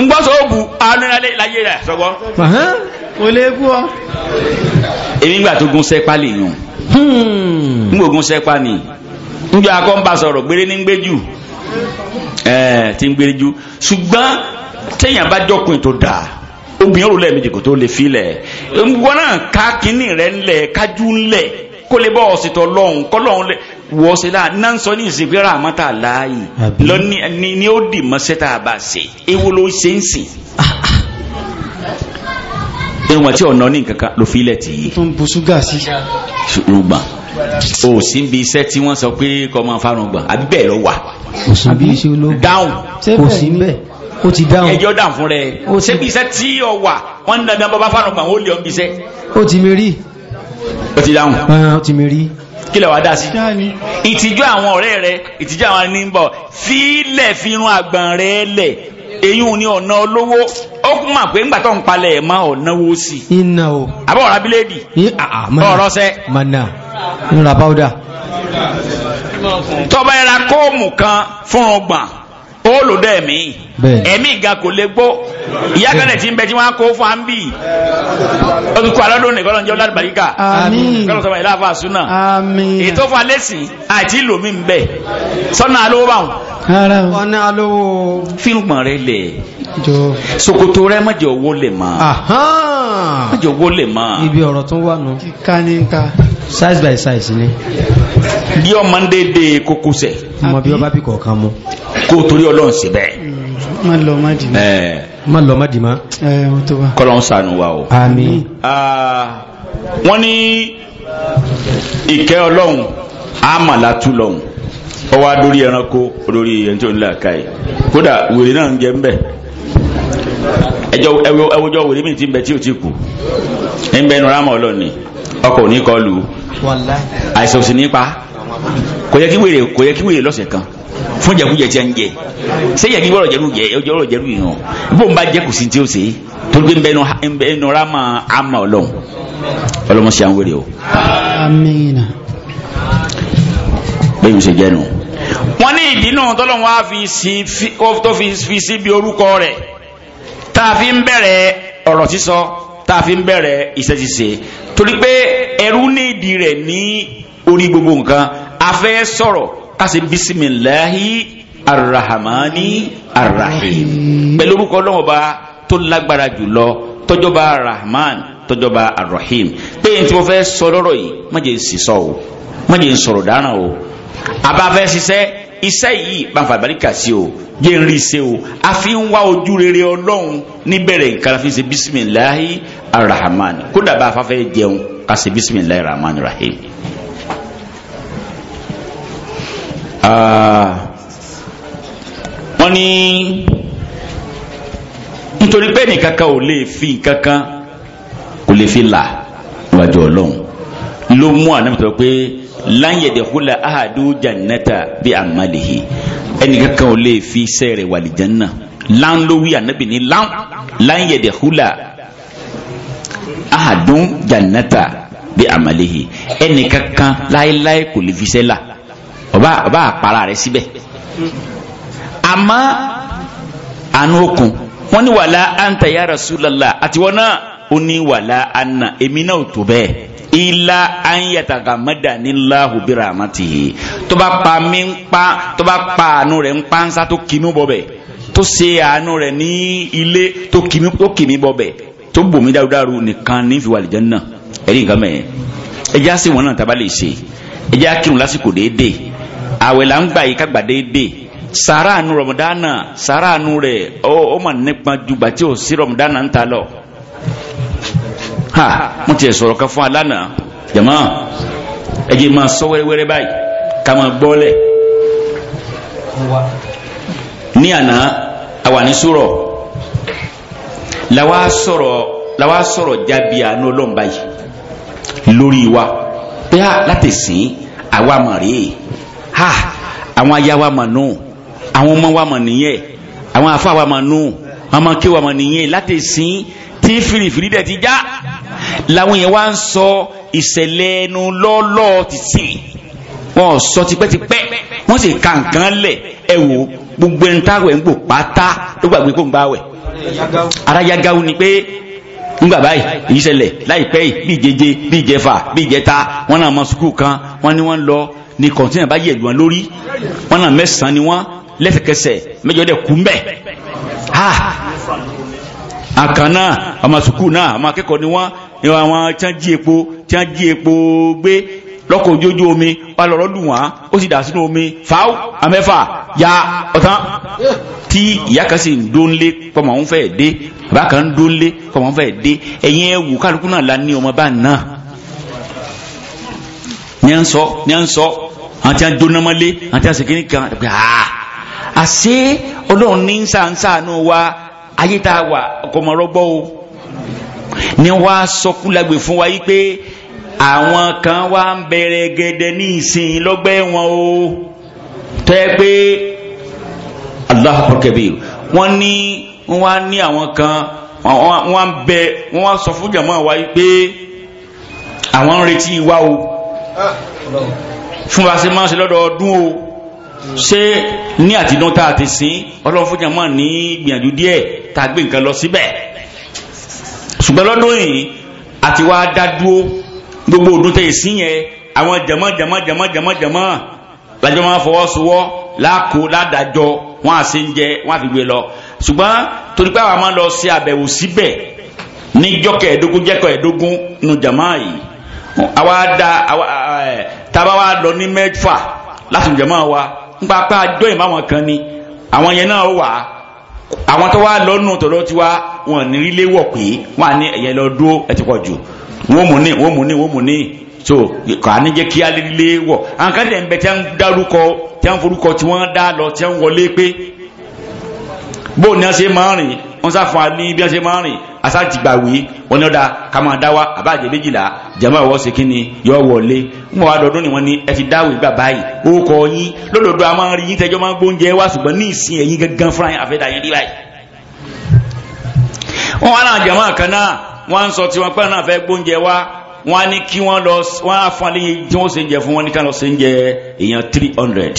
A: ngbọ́sọ̀ ó bu láyé rẹ̀ sọ́gbọ́. lè ọ. èmi gbà tó gun sẹ́pà lè hmm. n kò gun sẹ́pà ni n jọ akọ́ ń obìnrin òrùlẹ̀ méjì kò tó lè filẹ̀ wọn náà ká kínní rẹ̀ ńlẹ̀ kájú ńlẹ̀ kó lè bọ́ ọ̀sìtọ̀ lọ́hùn kọ́ lọ́hùn lẹ̀ wọ́ ṣe láà náà ń sọ ní ìsìnkú rà mọ́ tà láàyè lọ ní ní ó dì mọ́ sẹ́tà bá ṣe ewo ló ṣe ń sìn. ẹ̀wọ̀n tí ọ̀nà ní kankan ló fi ilẹ̀ tì í. tó ń bu ṣúgà sí. ṣùgbọ́n o sì ń bi iṣẹ́ tí wọ́n sọ pé kọ́ máa farun gbọ̀n àbí bẹ́ẹ̀ lọ wà. kò sí bí dáhùn kò sí bẹ́ẹ̀ ó ti dáhùn ẹjọ́ dáhùn fún rẹ̀ ṣébi iṣẹ́ tí ọ wà wọ́n ń dandan bọ́bá fáwọn ọgbọ̀n ó lè ọ́n bí iṣẹ́ ó ti mi rí ó ti dáhùn ó ti mi rí kí lè wá dá sí ìtìjú àwọn ọ̀rẹ́ rẹ ìtìjú àwọn ẹni ń bọ̀ fílẹ̀ fi run àgbọ̀n rẹ lẹ̀ eyín ni ọ̀nà olówó ó kún mà pé ńgbà tó ń palẹ̀ ẹ̀ máa ọ̀nà owó sí. iná o. àbọ̀ ọ̀rá bíléèdì. ọ̀rọ̀ sẹ́. mana nura powder. tọ́ba ẹ̀ra kóòmù kan fún ọgbà ó lò dẹ́ ẹ̀mí ẹ̀mí ìga kò lè gbó ìyá kẹlẹ̀ tí ń bẹ tí wọ́n á kó fún àǹbì olùkọ́ alọ́dún nìkan lọ́njẹ́ ọlá àlùbáríkà kọ́lọ́ sọ́ba ìlà àfa àsúná ètò fún alẹ́sìn àti ìlòmí ń bẹ sọ́nà alówó báwọn. ọ̀nà alówó. fíìmù rẹ lè ṣòkòtò rẹ mọ̀jẹ̀ owó lè mọ̀ mọ̀jẹ̀ owó lè mọ̀. ibi ọ̀rọ̀ tó wà nù. kíkaníka. size by size ni. bí ọmọ ń dédé kókó sẹ̀. ọmọ bí ọba bí kọ̀ọ̀kan mu. kó o torí ọlọ́run sí bẹ́ẹ̀. má lọ má dì má. má lọ má dì má. ń wa o. Ami. wọ́n ní ìkẹ́ ọlọ́run àmàlàtú lọ́hùn ọwọ́ adórí ẹranko olórí ẹni tó ń kódà wèrè náà ń jẹ ń bẹ̀ wèrè mi ti ń bẹ tí o ti kù ń bẹ nu n'i ọlọ́ni ọkọ̀ àìsàn òsì nípa kò yẹ kí wèrè kò yẹ kí wèrè lọ́sẹ̀ kan fún jẹkújẹ tí a ń jẹ ṣé yẹ kí wọ́rọ̀ jẹ́rú jẹ ọjọ́ ọ̀rọ̀ jẹ́rú yìí hàn bó ń bá jẹ́ kò sí tí ó ṣe é tó gbé ń bẹ ẹnu rámà ámà ọlọ́run ọlọ́mọ ṣe à ń wèrè o. bẹ́ẹ̀ mi ṣe jẹ́ nu. wọ́n ní ìdínà tọ́lọ́wọ́n á fi sí tó fi sí bí orúkọ rẹ̀ tá a fi ń bẹ̀rẹ̀ ọ̀rọ̀ sísọ tá a fi ń bẹ̀rẹ̀ iṣẹ́ ṣíṣe torí pé ẹrú ní ìdí rẹ̀ ní orí gbogbo nǹkan a fẹ́ sọ̀rọ̀ ká ṣe bisimilahi arahamani arahim pẹ̀lú orúkọ Ọlọ́run Ọba tó lágbára jùlọ tọ́jọ́ba arahman tọ́jọ́ba arahim pé n tí mo fẹ́ sọ lọ́rọ̀ yìí má jẹ́ n sì sọ o má jẹ́ n sọ̀rọ̀ dáná o àbá fẹ́ ṣiṣẹ́ iṣẹ́ yìí bá ń fa àbáríkà o jẹ́ ń rí ṣe o a fi ń wá ojú rere ọlọ́run níbẹ̀rẹ̀ nǹkan la fi ṣe bisimilahi arahman kódà bá a fa fẹ́ jẹun ká ṣe bisimilahi arahman rahim. wọ́n ní nítorí pé nǹkan kan ò lè fi nǹkan kan kò lè fi là níwájú ọlọ́run ló mú àná mi pé lan yadkhula ahadu jannata bi amalihi ẹnìkan kan ò lè fi iṣẹ́ rẹ̀ wọ àlìjánná lan ló wí ànábì ní lan lan yadkhula ahadu jannata bi amalihi ẹnìkan kan láéláé kò lè fi iṣẹ́ la ọba ọba àpárá rẹ̀ síbẹ̀ àmọ́ àánú okùn wọ́n ní wàlá anta ya rasulallah àtiwọ́n náà ó ní wàlá anna èmi náà ò tó bẹ́ẹ̀ ila an yataga madani lahu biramatihi tó bá pa mí ń pa tó bá pa àánú rẹ̀ ń pa ń sá tó kìmí bọ̀bẹ̀ tó ṣe àánú rẹ̀ ní ilé tó kìmí tó kìmí bọ̀bẹ̀ tó bòmí dárudáru nìkan ní ìfìwà àlìjánnà ẹ̀rí nǹkan mẹ́ẹ̀ ẹjẹ́ àṣẹ wọn náà tá ṣe ẹjẹ́ àkírun lásìkò déédéé àwẹ̀ là ń gbà yìí kágbà déédéé sàrà àánú rọmọdánà sàrà àánú rẹ̀ ó mà nípa ju tí ò sí rọmọdánà ń ta lọ ha wọ́n ti sọ̀rọ̀ kan fún wa lánàá jama ẹ jẹ́ máa sọ wẹ́rẹ́wẹ́rẹ́ báyìí ká máa gbọ́lẹ̀ ní àná àwa ní sọ̀rọ̀ làwa sọ̀rọ̀ làwa sọ̀rọ̀ jábí àánú ọlọ́mba yìí lórí wa pé ha láti sìn àwa mà rèé ha àwọn aya wa mà nù àwọn ọmọ wa mà nìyẹn àwọn afa wa mà nù àwọn ọmọ kí wa mà nìyẹn láti sìn tí fìrìfìrì dẹ̀ ti já. Ja làwọn yẹn wá ń sọ ìṣẹ̀lẹ̀ ẹnu lọ́lọ́ ti sìn wọn ò sọ tipẹ́tipẹ́ wọ́n sì ka nǹkan lẹ̀ ẹ wò gbogbo ẹni táwẹ̀ ń gbò pátá ló gbàgbé kó ń bá wẹ̀ ara yagawu ni pé ngba báyìí èyí ṣẹlẹ̀ láìpẹ́ yìí bí ìjẹjẹ bí ìjẹfà bí ìjẹta wọn náà mọ sukuu kan wọn ni wọn lọ ní kọ̀ǹtínà bá yẹ̀ lù wọn lórí wọn náà mẹ́sàn-án ni wọn lẹ́sẹ̀kẹsẹ̀ mẹ́jọ dẹ̀ kú mbẹ́ ha àkànnà ọmọ sukuu náà ọmọ akẹ́kọ̀ọ́ ni wọn ìwọ àwọn tí wọ́n jí epo tí wọ́n jí epo gbé lọ́kọ̀ ojójú omi palọ̀rọ̀ dùn wá ó sì dà sínú omi fáw amẹ́fà ya ọ̀tán tí ìyá kan sì ń dónlé pọmọ òun fẹ́ dé bàbá kan ń dónlé pọmọ òun fẹ́ dé ẹ̀yin ẹ̀ wù kálukú náà la ní ọmọ bá náà ní à ń sọ ní à ń sọ àti à ń dónámọ́lé àti à ń sèkéyìn kan aa àṣé ọlọ́run ní sàǹsà náà wá ayé tá a wà ọkọ̀ ọmọ o ni wọ́n á sọ kúlágbè fún wa yí pé àwọn kan wá ń bẹ̀rẹ̀ gẹ́dẹ́ ní ìsìn lọ́gbẹ́ wọn o tẹ́ pé Allahu akbar wọ́n ní wọ́n á ní àwọn kan wọ́n á bẹ wọ́n á sọ fún jàmọ́ wa yí pé àwọn ń retí wa o fún wa ṣe máa ń ṣe lọ́dọọdún o ṣé ní àtinú tá a ti sìn ọlọ́run fún jàmọ́ ní gbìyànjú díẹ̀ tá a gbé nǹkan lọ síbẹ̀ ṣùgbọ́n lọ́dún yìí àti wá dá dúró gbogbo ọdún tẹ̀ sí yẹn àwọn jẹ̀mọ́ jẹ̀mọ́ jẹ̀mọ́ jẹ̀mọ́ jẹ̀mọ́ lájọ́ máa fọwọ́ sowọ́ láàkó ládàjọ́ wọn à sí ń jẹ wọn àfi gbé lọ ṣùgbọ́n torí pé àwọn máa lọ sí àbẹ̀wò síbẹ̀ ní jọ́kẹ̀ ẹ̀dógún jẹ́kọ̀ ẹ̀dógún nu jẹ̀mọ́ yìí àwa da tábà wa lọ ní mẹ́fà láti wa ń pa àjọ ìmáwọn kan ni àwọn yẹn náà wà á àwọn tó wá lọ́nù tọ̀lọ́ ti wá wọn ní ilé wọ̀ pé wọn ní ẹ̀yẹ lọ dúró ẹ ti pọ̀ jù wọn mú ní wọn mú ní wọn mú ní so kò á ní jẹ́ kí alẹ́ ilé wọ̀ àwọn kan tẹ̀ ń bẹ tí wọ́n dárúkọ tí wọ́n forúkọ tí wọ́n dá lọ tí wọ́n wọlé pé bóun ni wọ́n ṣe máa rìn wọ́n sá fún wa ní bí wọ́n ṣe máa rìn àṣà ti gbàwé wọn ní ọ̀dà ká máa dá wa àbájẹ méjìlá jama wọ́n ṣe kíni yọ wọlé ń wọ́n wá dọ̀dún ni wọ́n ní ẹ ti dáwé gbà báyìí ó kọ yín lọ́dọ̀dọ̀ a máa rí yín tẹjọ́ máa ń gbóúnjẹ wá ṣùgbọ́n ní ìsìn ẹ̀yìn gangan fúnra yín àfẹ́ dàyẹn díbàyìí. wọ́n wá náà jama kan náà sọ tiwọn pẹ́ náà fẹ́ gbóúnjẹ wá wọ́n á ní kí wọ́n lọ wọ́n á fún aléyé tí wọ́n ṣe ń jẹ fún wọn ní ká lọ ṣe ń jẹ èèyàn three hundred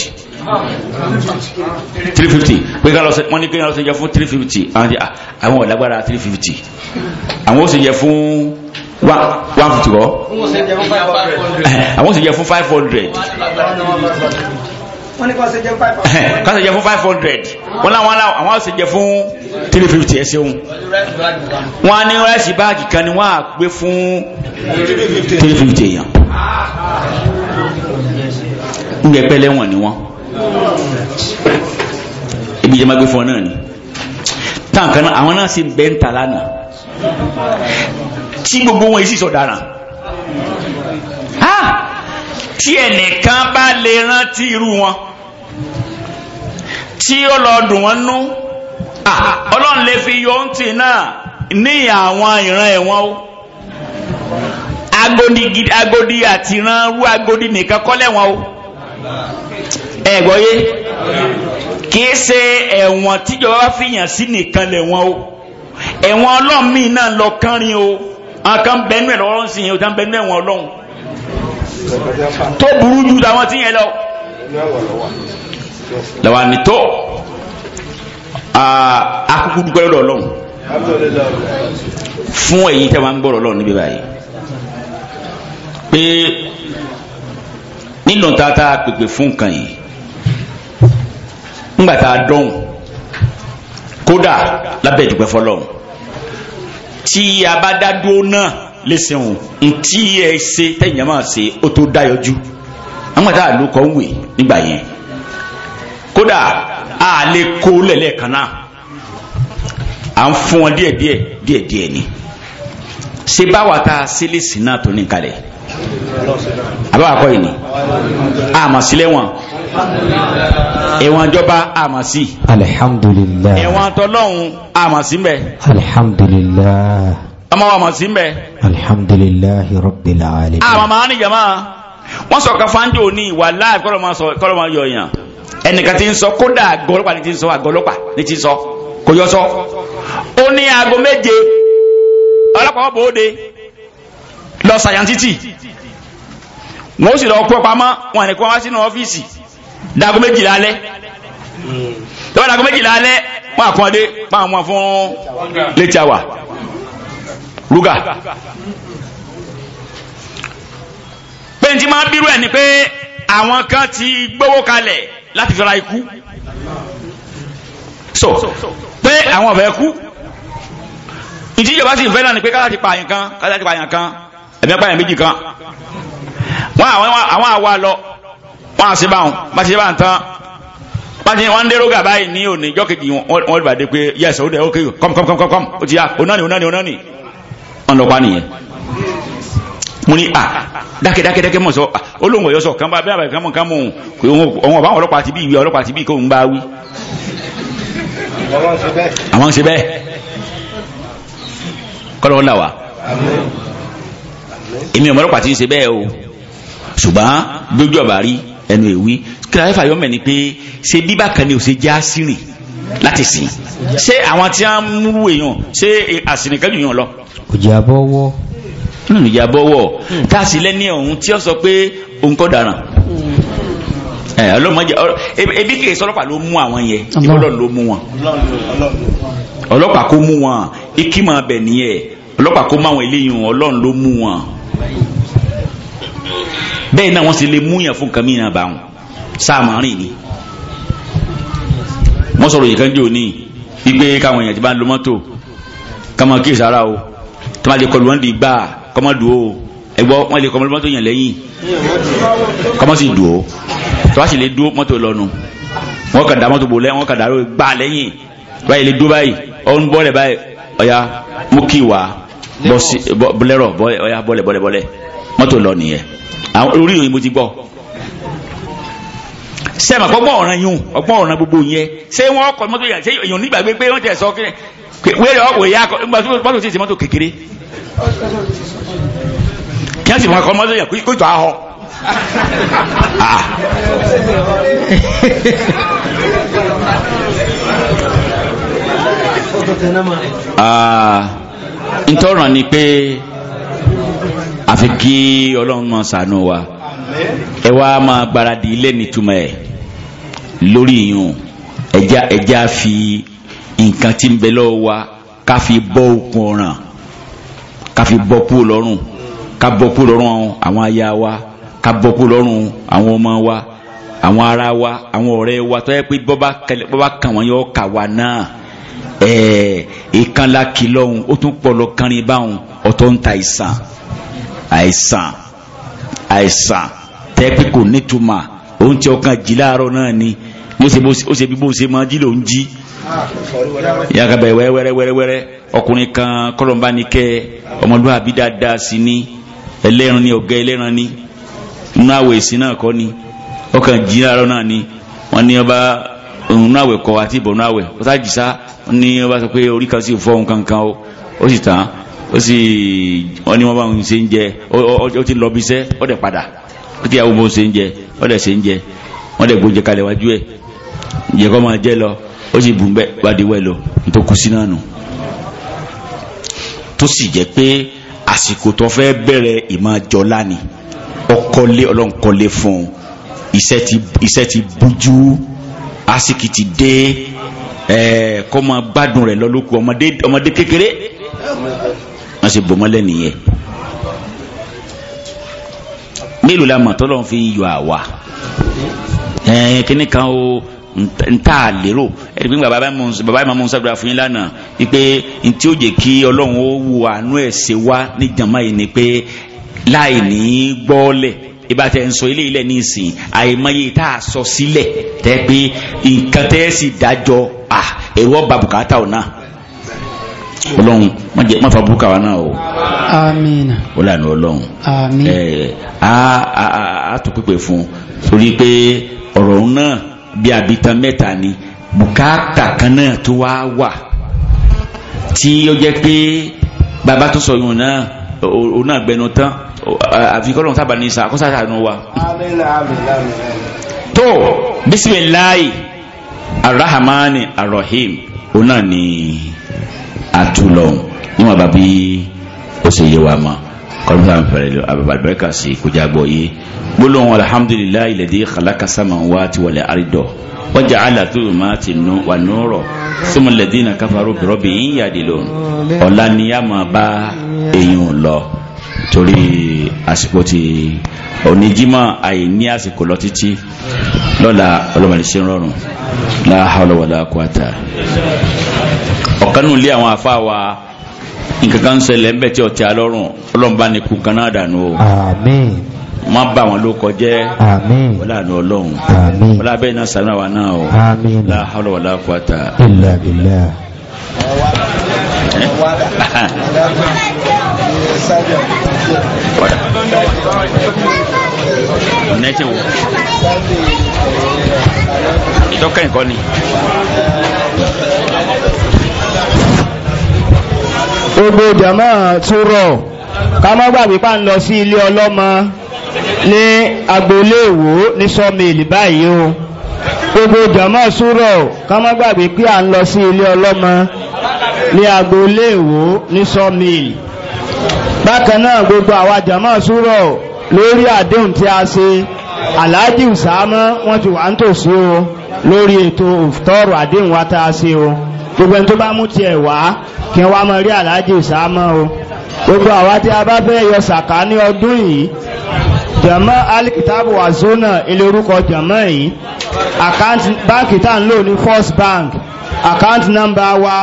A: three fifty pé ká lọ ṣe wọ́n ní kí wọ́n lọ ṣe ń jẹ fún three fifty àwọn ah, ọ̀lágbára three fifty àwọn ó ṣe ń jẹ fún one fifty kọ́ àwọn ó ṣe ń jẹ fún five hundred kásẹ̀ jẹ fún five hundred wọ́n láwọn àwọn àṣẹ jẹ fún three fifty ẹsẹ̀ òun wọ́n á ní ráìsì báàgì kan ni wọ́n á gbé fún
B: three fifty èèyàn ń gbẹ pẹ́lẹ́
A: wọ̀n ni wọ́n ibi jẹ́ máa gbé fún ọ náà ni táwọn kan àwọn náà sì bẹ́ ń ta lánàá tí gbogbo wọn yìí sì sọ̀daràn tí ẹnìkan bá lè rántí irú wọn tí ó lọ dùn wọ́n nú ọlọ́run lè fi yọ ohun tì náà ní àwọn ìran ẹ̀wọ̀n o agodi agodi àti ran rú agodi nìkan kọ́lẹ̀ wọn o ẹ gbọ́ yé kìí ṣe ẹ̀wọ̀n tíjọba bá fìyàn sí nìkan lẹ̀ wọn o ẹ̀wọ̀n ọlọ́run míì náà lọ kánrin o àwọn kan bẹnu ẹ̀ lọ́wọ́ sí yẹn o tán bẹnu ẹ̀wọ̀n ọlọ́run tó burú ju tàwọn tí yẹn lọ làwọn ànitọ́ akuku dúpẹ́ lọ́dọ̀ ọlọ́run fún èyí tẹ́ máa ń gbọ́rọ̀ ọlọ́run níbi báyìí pé nínú tata pèpè fún nǹkan yìí ńgbà tá a dọ́hùn kódà lábẹ́ ìdúpẹ́ fọlọ́run tí a bá dá dúró náà lẹ́sìn ntí ẹ ṣe tẹ̀yìn máa ṣe ó tó dáyọjú àwọn àtàlù kan wè nígbà yẹn kódà a lè kó lẹ́lẹ́kan náà à ń fún wọn díẹ̀ díẹ̀ díẹ̀ díẹ̀ ni ṣe báwa ta sílẹ̀sì náà tó ní kalẹ̀ àbáwá kọ́ yìí ni àmọ̀ sílẹ̀ wọn ẹ̀wọ̀n ìjọba àmọ̀ sí alhamdulillah ẹ̀wọ̀n tọ́lọ́hun àmọ̀ sí mbẹ̀ alhamdulillah ọmọ wa mọ̀ sí mbẹ̀ alhamdulillah rabbil alamin àmọ̀ máa ní jama wọ́n sọ ká fáńjọ òní ìwà láàbí kọ́lọ́ máa sọ kọ́lọ́ máa yọ èèyàn ẹnìkan ti ń sọ kódà àgọ́lọ́pàá ni ti ń sọ àgọ́lọ́pàá ni ti ń sọ kò yọ sọ ó ní aago méje ọlọ́pàá bòóde lọ sàyàntìtì wọ́n ó sì lọ kó pamọ́ wọn àníkó wá sínú ọ́fíìsì dàgọ́ méjìlá alẹ́ tọ́wọ́ dàgọ́ méjìlá alẹ́ wọ́n àkọ́ndé máa fún létí àwà rúgà pé n ti máa bírú ẹ̀ ni pé àwọn kan ti gbówó kalẹ̀ láti fi ra ikú so pé àwọn ọ̀fẹ́ kú ìdí ìjọba sì ń ni pé káyà ti pààyàn kan káyà ti pààyàn kan ẹ̀mí pààyàn méjì kan wọ́n àwọn àwa lọ wọ́n àṣẹ báwọn bá ṣe bá tán pàṣẹ wọn ń dérò gàbá ní òní ìjọ kejì wọn lè bàdé pé yẹsẹ ó dẹ ó kọm kọm kọm kọm ó ti yá onáni onáni onáni wọn lọ nìyẹn mo ní dake ah, dákẹ́ dákẹ́ dákẹ́ mọ̀ sọ ah, olóńgbò ba sọ kàn bá bẹ́ẹ̀ kàn mọ̀ kàn mọ̀ òun ọ̀bá ọlọ́pàá ti bí ìwé ọlọ́pàá ti bí kó ń bá wí. àwọn ń ṣe bẹ́ẹ̀ kọ́lọ́ là wá èmi ọmọ ọlọ́pàá ti ń ṣe bẹ́ẹ̀ o ṣùgbọ́n gbójú ọ̀bà rí ẹnu èwí kí láyé fàyọ́ mẹ́ni pé ṣe bíbá kan ni ò ṣe já sírìn láti sìn ṣé àwọn tí wọ́n ń mú èèyàn ṣé àsìnìkẹ́jù yàn lọ. kò jẹ́ àbọ̀wọ́ ìyàbọ̀wọ̀ hmm. tá a sì lẹ́ni ọ̀hún tí ó sọ pé òun kọ́ dáràn hmm. ọlọ́mọdé ebi kìí sọlọ́pàá ló mú àwọn yẹn ìbọ̀lọ́ ló mú wọn ọlọ́pàá kó mú wọn ikímọ̀ abẹ nìyẹn ọlọ́pàá kó mú àwọn eléyìí wọn ọlọ́run ló mú wọn bẹ́ẹ̀ náà wọ́n sì lè mú yàn fún kàmí náà bá wọn sáàmọ́rin ni wọ́n sọ̀rọ̀ yìí kan jẹ́ òní ìgbé káwọn èèyàn ti bá ń lo mọ́tò káwọn kí ìsára o tó máa lè kọlu wọn di gbáà kọ́mọ́ dùn ó ẹgbọ́ wọ́n lè kọ́mọ́ mọ́tò yàn lẹ́yìn kọ́mọ́ sì dùn ó tó bá sì lè dúró mọ́tò lọ́nu wọ́n kàn dá mọ́tò bò lẹ́yìn wọ́n kàn dá lórí gbà lẹ́yìn báyìí lè dúró báyìí ọ̀hún bọ́lẹ̀ báyìí ọ̀ya mú kí wà bọ́lẹ̀rọ̀ ọ̀ya bọ́lẹ̀ bọ́lẹ̀ bọ́lẹ̀ mọ́tò lọ nìyẹn orí ìròyìn mo ti gbọ́ sẹ́mà gbọ́gbọ́n ọ̀ràn yún ọgbọ́n ọ̀ràn gbogbo yẹn ṣé wọ́n kọ mọ́tò yẹn ṣé èèyàn nígbàgbé pé wọ́n ti ẹ̀ sọ kí wẹ́rẹ́ ọ̀wẹ̀ yá mọ́tò tí ì kí á sì máa kọ́ ahọ. yẹn kó ìtọ́ ahọ́ ntọ́ràn ni pé àfi kí ọlọ́run máa ṣàánú wa ẹ wá máa gbáradì ilé nítumọ̀ ẹ lórí ẹja ẹja fi nǹkan ti ń bẹ wa ká fi bọ́ ọ̀ràn ká fi bọ́ kú lọ́rùn ká bọ́ kú lọ́rùn àwọn aya wa ká bọ́ kú lọ́rùn àwọn ọmọ wa àwọn ará wa àwọn ọ̀rẹ́ wa tó yẹ pé bọ́bá kàn wọ́n yọ kà wá náà ẹ̀ẹ́ ìkànnì kìlọ̀hún ó tún pọ̀ lọ báwọn ọ̀tọ̀ ń ta ìsàn àìsàn àìsàn tẹ́pì kò nítumọ̀ òun tí ọkàn jì láàárọ̀ náà ni ó ṣe bó ṣe máa jí lòún jí ìyá ka bẹ̀ wẹ́rẹ́ wẹ́rẹ́ wẹ́rẹ́ wẹ́rẹ́ ọkùnrin kan kọlọmba ni kẹ ọmọlúwàbí dáadáa sí ni ẹlẹ́ran ni ọ̀gá ẹlẹ́ran ni nínú àwẹ̀ ìsìn náà kọ́ ni ọkàn jìnnà àárọ̀ náà ni wọ́n ní ọba nínú àwẹ̀ kọ́ àti ìbọn náà wẹ̀ ọ̀tá jìsá ní ọba sọ pé orí kan sí fọ́ọ̀hún kankan o ó sì tán ó sì wọ́n ní wọ́n bá ń ṣe ń jẹ ó ti lọ bí iṣẹ́ ó dẹ̀ padà ó ti yàwó bó ń ṣe ń jẹ ó dẹ̀ ṣe ń jẹ wọ́n dẹ̀ gbóúnjẹ kalẹ̀ wájú ẹ̀ ìjẹ́kọ́ máa jẹ́ lọ ó sì bùn bẹ́ẹ̀ wá di wẹ́lò tó kú sí náà nù tó sì jẹ́ pé àsìkò tó fẹ́ bẹ̀rẹ̀ ìmọ̀jọ́lá ni ọkọlé ọlọ́nkọlé fún un iṣẹ́ ti iṣẹ́ ti bójú àsìkò ti dé ẹ̀ẹ́ kọ́ máa gbádùn rẹ̀ lọ́lọ́kù ọmọdé ọmọdé kékeré wọ́n sì bòmọ́lẹ̀ nìyẹn mélòó la mọ̀ tọ́lọ́ fi yọ àwa ẹ̀ẹ́ kíní kan o nta lérò ẹni pé bàbá bàbá Musa gbà fún yín lánàá wípé ntí ó jẹ́ kí ọlọ́run ó wo àánú ẹ̀ ṣe wá ní jàmá yìí ni pé láì ní gbọ́ọ́lẹ̀ ìbátẹ̀ ń sọ ilé ilẹ̀ ní ìsìn àìmọye tá a sọ sílẹ̀ tẹ́ pé nǹkan tẹ́ sì dájọ́ à èrò ọba bùkátà ọ̀nà ọlọ́run má fa burúkú àwa náà o. amiina. ó lànà ọlọ́run. amiina. ẹ a a a tó pípé fún un torí pé ọ̀rọ̀ náà bí àbítan mẹ́ta ni bùkátà kan náà tó wá wà tí ó jẹ́ pé bàbá tó sọ yòó náà òun náà gbẹnu tán àfikọ́lọ́hún sábà ní sàn àkọ́sà sànù wa. tó bisimilayi arahamani arahim òun náà ni àtúlọ̀ níwọ̀n bàbí ó ṣe yé wa mọ́ kọlọmọsá ń fẹrẹ lọ ababalibẹka sí kọjá gbọ yé gbólóhùn alhamdulilayi lẹdí le wá ti wọlé àrídọ wọjà alàtúrò má ti nù wà nùrọ súnmọ lẹdí nà káfàró bìrọbì yín yàdí lọ ọlá ni yá máa bá èèyàn lọ torí àsìkò ti oníjímọ̀ àìní àsìkò lọ títí lọ́la ọlọmọdéṣẹ rọrùn láhàlọwọlá kọta ọkànnù lé àwọn afáwa nǹkan kan ṣẹlẹ̀ ń bẹ̀ tí ọ̀tí alọ́rùn ọlọ́mba ni kú kan náà dànù o. àmín. má bà wọn ló kọjẹ́. àmín. wọ́n lànà ọlọ́run. àmín. wọ́n lábẹ́ iná sàánú àwa náà o. àmín. la hawla wala quwata. illa billah. nẹ́tì ìtọ́kẹ́ nǹkan ni gbogbo jama tún rọ̀ ká má gbàgbé pa ń lọ sí ilé ọlọ́mọ ní agboolé èwó ní o gbogbo jama tún rọ̀ ká má gbàgbé pé à ń lọ sí ilé ọlọ́mọ ní agboolé èwó gbogbo àwa jama tún rọ̀ lórí àdéhùn tí a ṣe aláàjì ìsámọ́ wọ́n ti wà ń tòsí o lórí ètò òfútọ́rọ̀ àdéhùn wa tá a ṣe o gbogbo ẹni tó bá mú tiẹ̀ wá kí wọ́n máa rí aláàjì sámọ́ o gbogbo àwa tí a bá fẹ́ yọ sàká ní ọdún yìí jẹ̀mọ́ alikitaabu wazona ilé orúkọ jẹ̀mọ́ yìí àkáǹtì báǹkì tá à ń lò ní first bank àkáǹtì nọmba wa.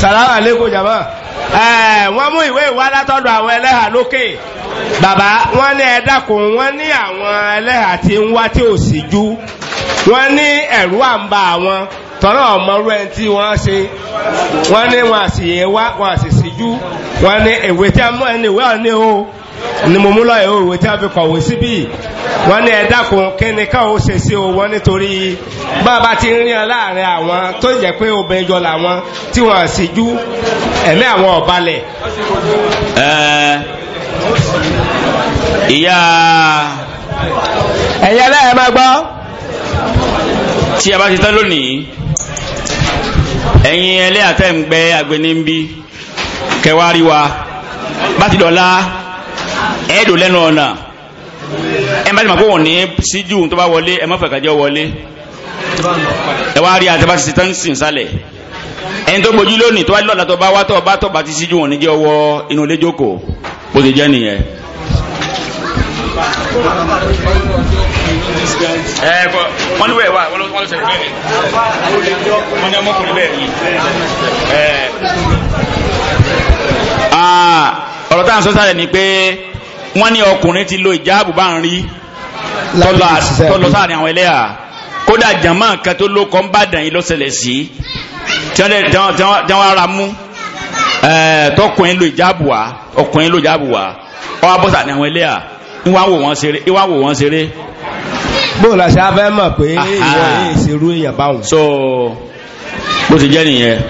A: salaam aleykum jama. ẹ̀ẹ́ wọ́n mú ìwé ìwá látọ̀dọ̀ àwọn ẹlẹ́hà lókè bàbá wọ́n ní ẹ dákun wọ́n ní àwọn ẹlẹ́hà tí ń wá tí ò sí jú. wọ́n ní ẹ̀rú à ń ba àwọn tọ́rọ ọmọrú ẹni tí wọ́n ṣe wọ́n ní wọn àsì yẹ wá wọn àsì síjú wọ́n ní ìwé tí a mú ẹni ìwé ọ̀ní o ni mo mú lọ ìwé ìwé tí a fi kọ̀wé síbí wọ́n ní ẹ dákun kíni káwọn ó ṣe sí o wọ́n nítorí bàbá ti ń ríyan láàrin àwọn tó jẹ́ pé obìnrin jọ làwọn tí wọ́n síjú ẹ̀mí àwọn ọ̀balẹ̀. ìyá ẹ̀yẹ́ náà ẹ máa gbọ́ tí a bá ti tán lónìí ẹ̀yin ẹlẹ́ àtẹ̀ǹgbẹ́ agbẹnimbi kẹwàárí wa bá ti dọ̀la ẹ̀ẹ́dò lẹ́nu ọ̀nà ẹ má ti mọ̀ pé wọ́n ní síjú tó bá wọlé ẹ má fẹ́ kájọ́ wọlé ẹ wá rí àti bá ti ti tán sìn sálẹ̀ ẹni tó gbojú lónìí tó wá lọ́la tó bá wá tó bá tó bá ti síjú wọn níjẹ́ ọwọ́ inú ilé jókòó bó ti jẹ́ nìyẹn ẹ kọ wọn ní wẹ́ẹ̀ wá wọn ló bẹ́ẹ̀ ni wọn ní ọmọkùnrin bẹ́ẹ̀ ni ẹ. Eh. Ah, ọ̀rọ̀ táwọn sọ sáré ni pé wọ́n ní ọkùnrin ti lo ìjáàbù bá ń rí tọ́lọ sáà ní àwọn ẹlẹ́yà kódà jàmá kan tó ló kọ́ ń bá dàn yín lọ́sẹ̀lẹ̀ sí tí ara mú eh, tọkùnrin lo ìjáàbù wa ọkùnrin lo ìjáàbù wa ọ abọ́sà ni àwọn ẹlẹ́yà ìwà wò ṣeré ìwà wò ṣeré. bó la ṣe afẹ́ mọ̀ pé ìwọ yìí ṣerú ìyàbá òun. so bó ti jẹ́ nìyẹn.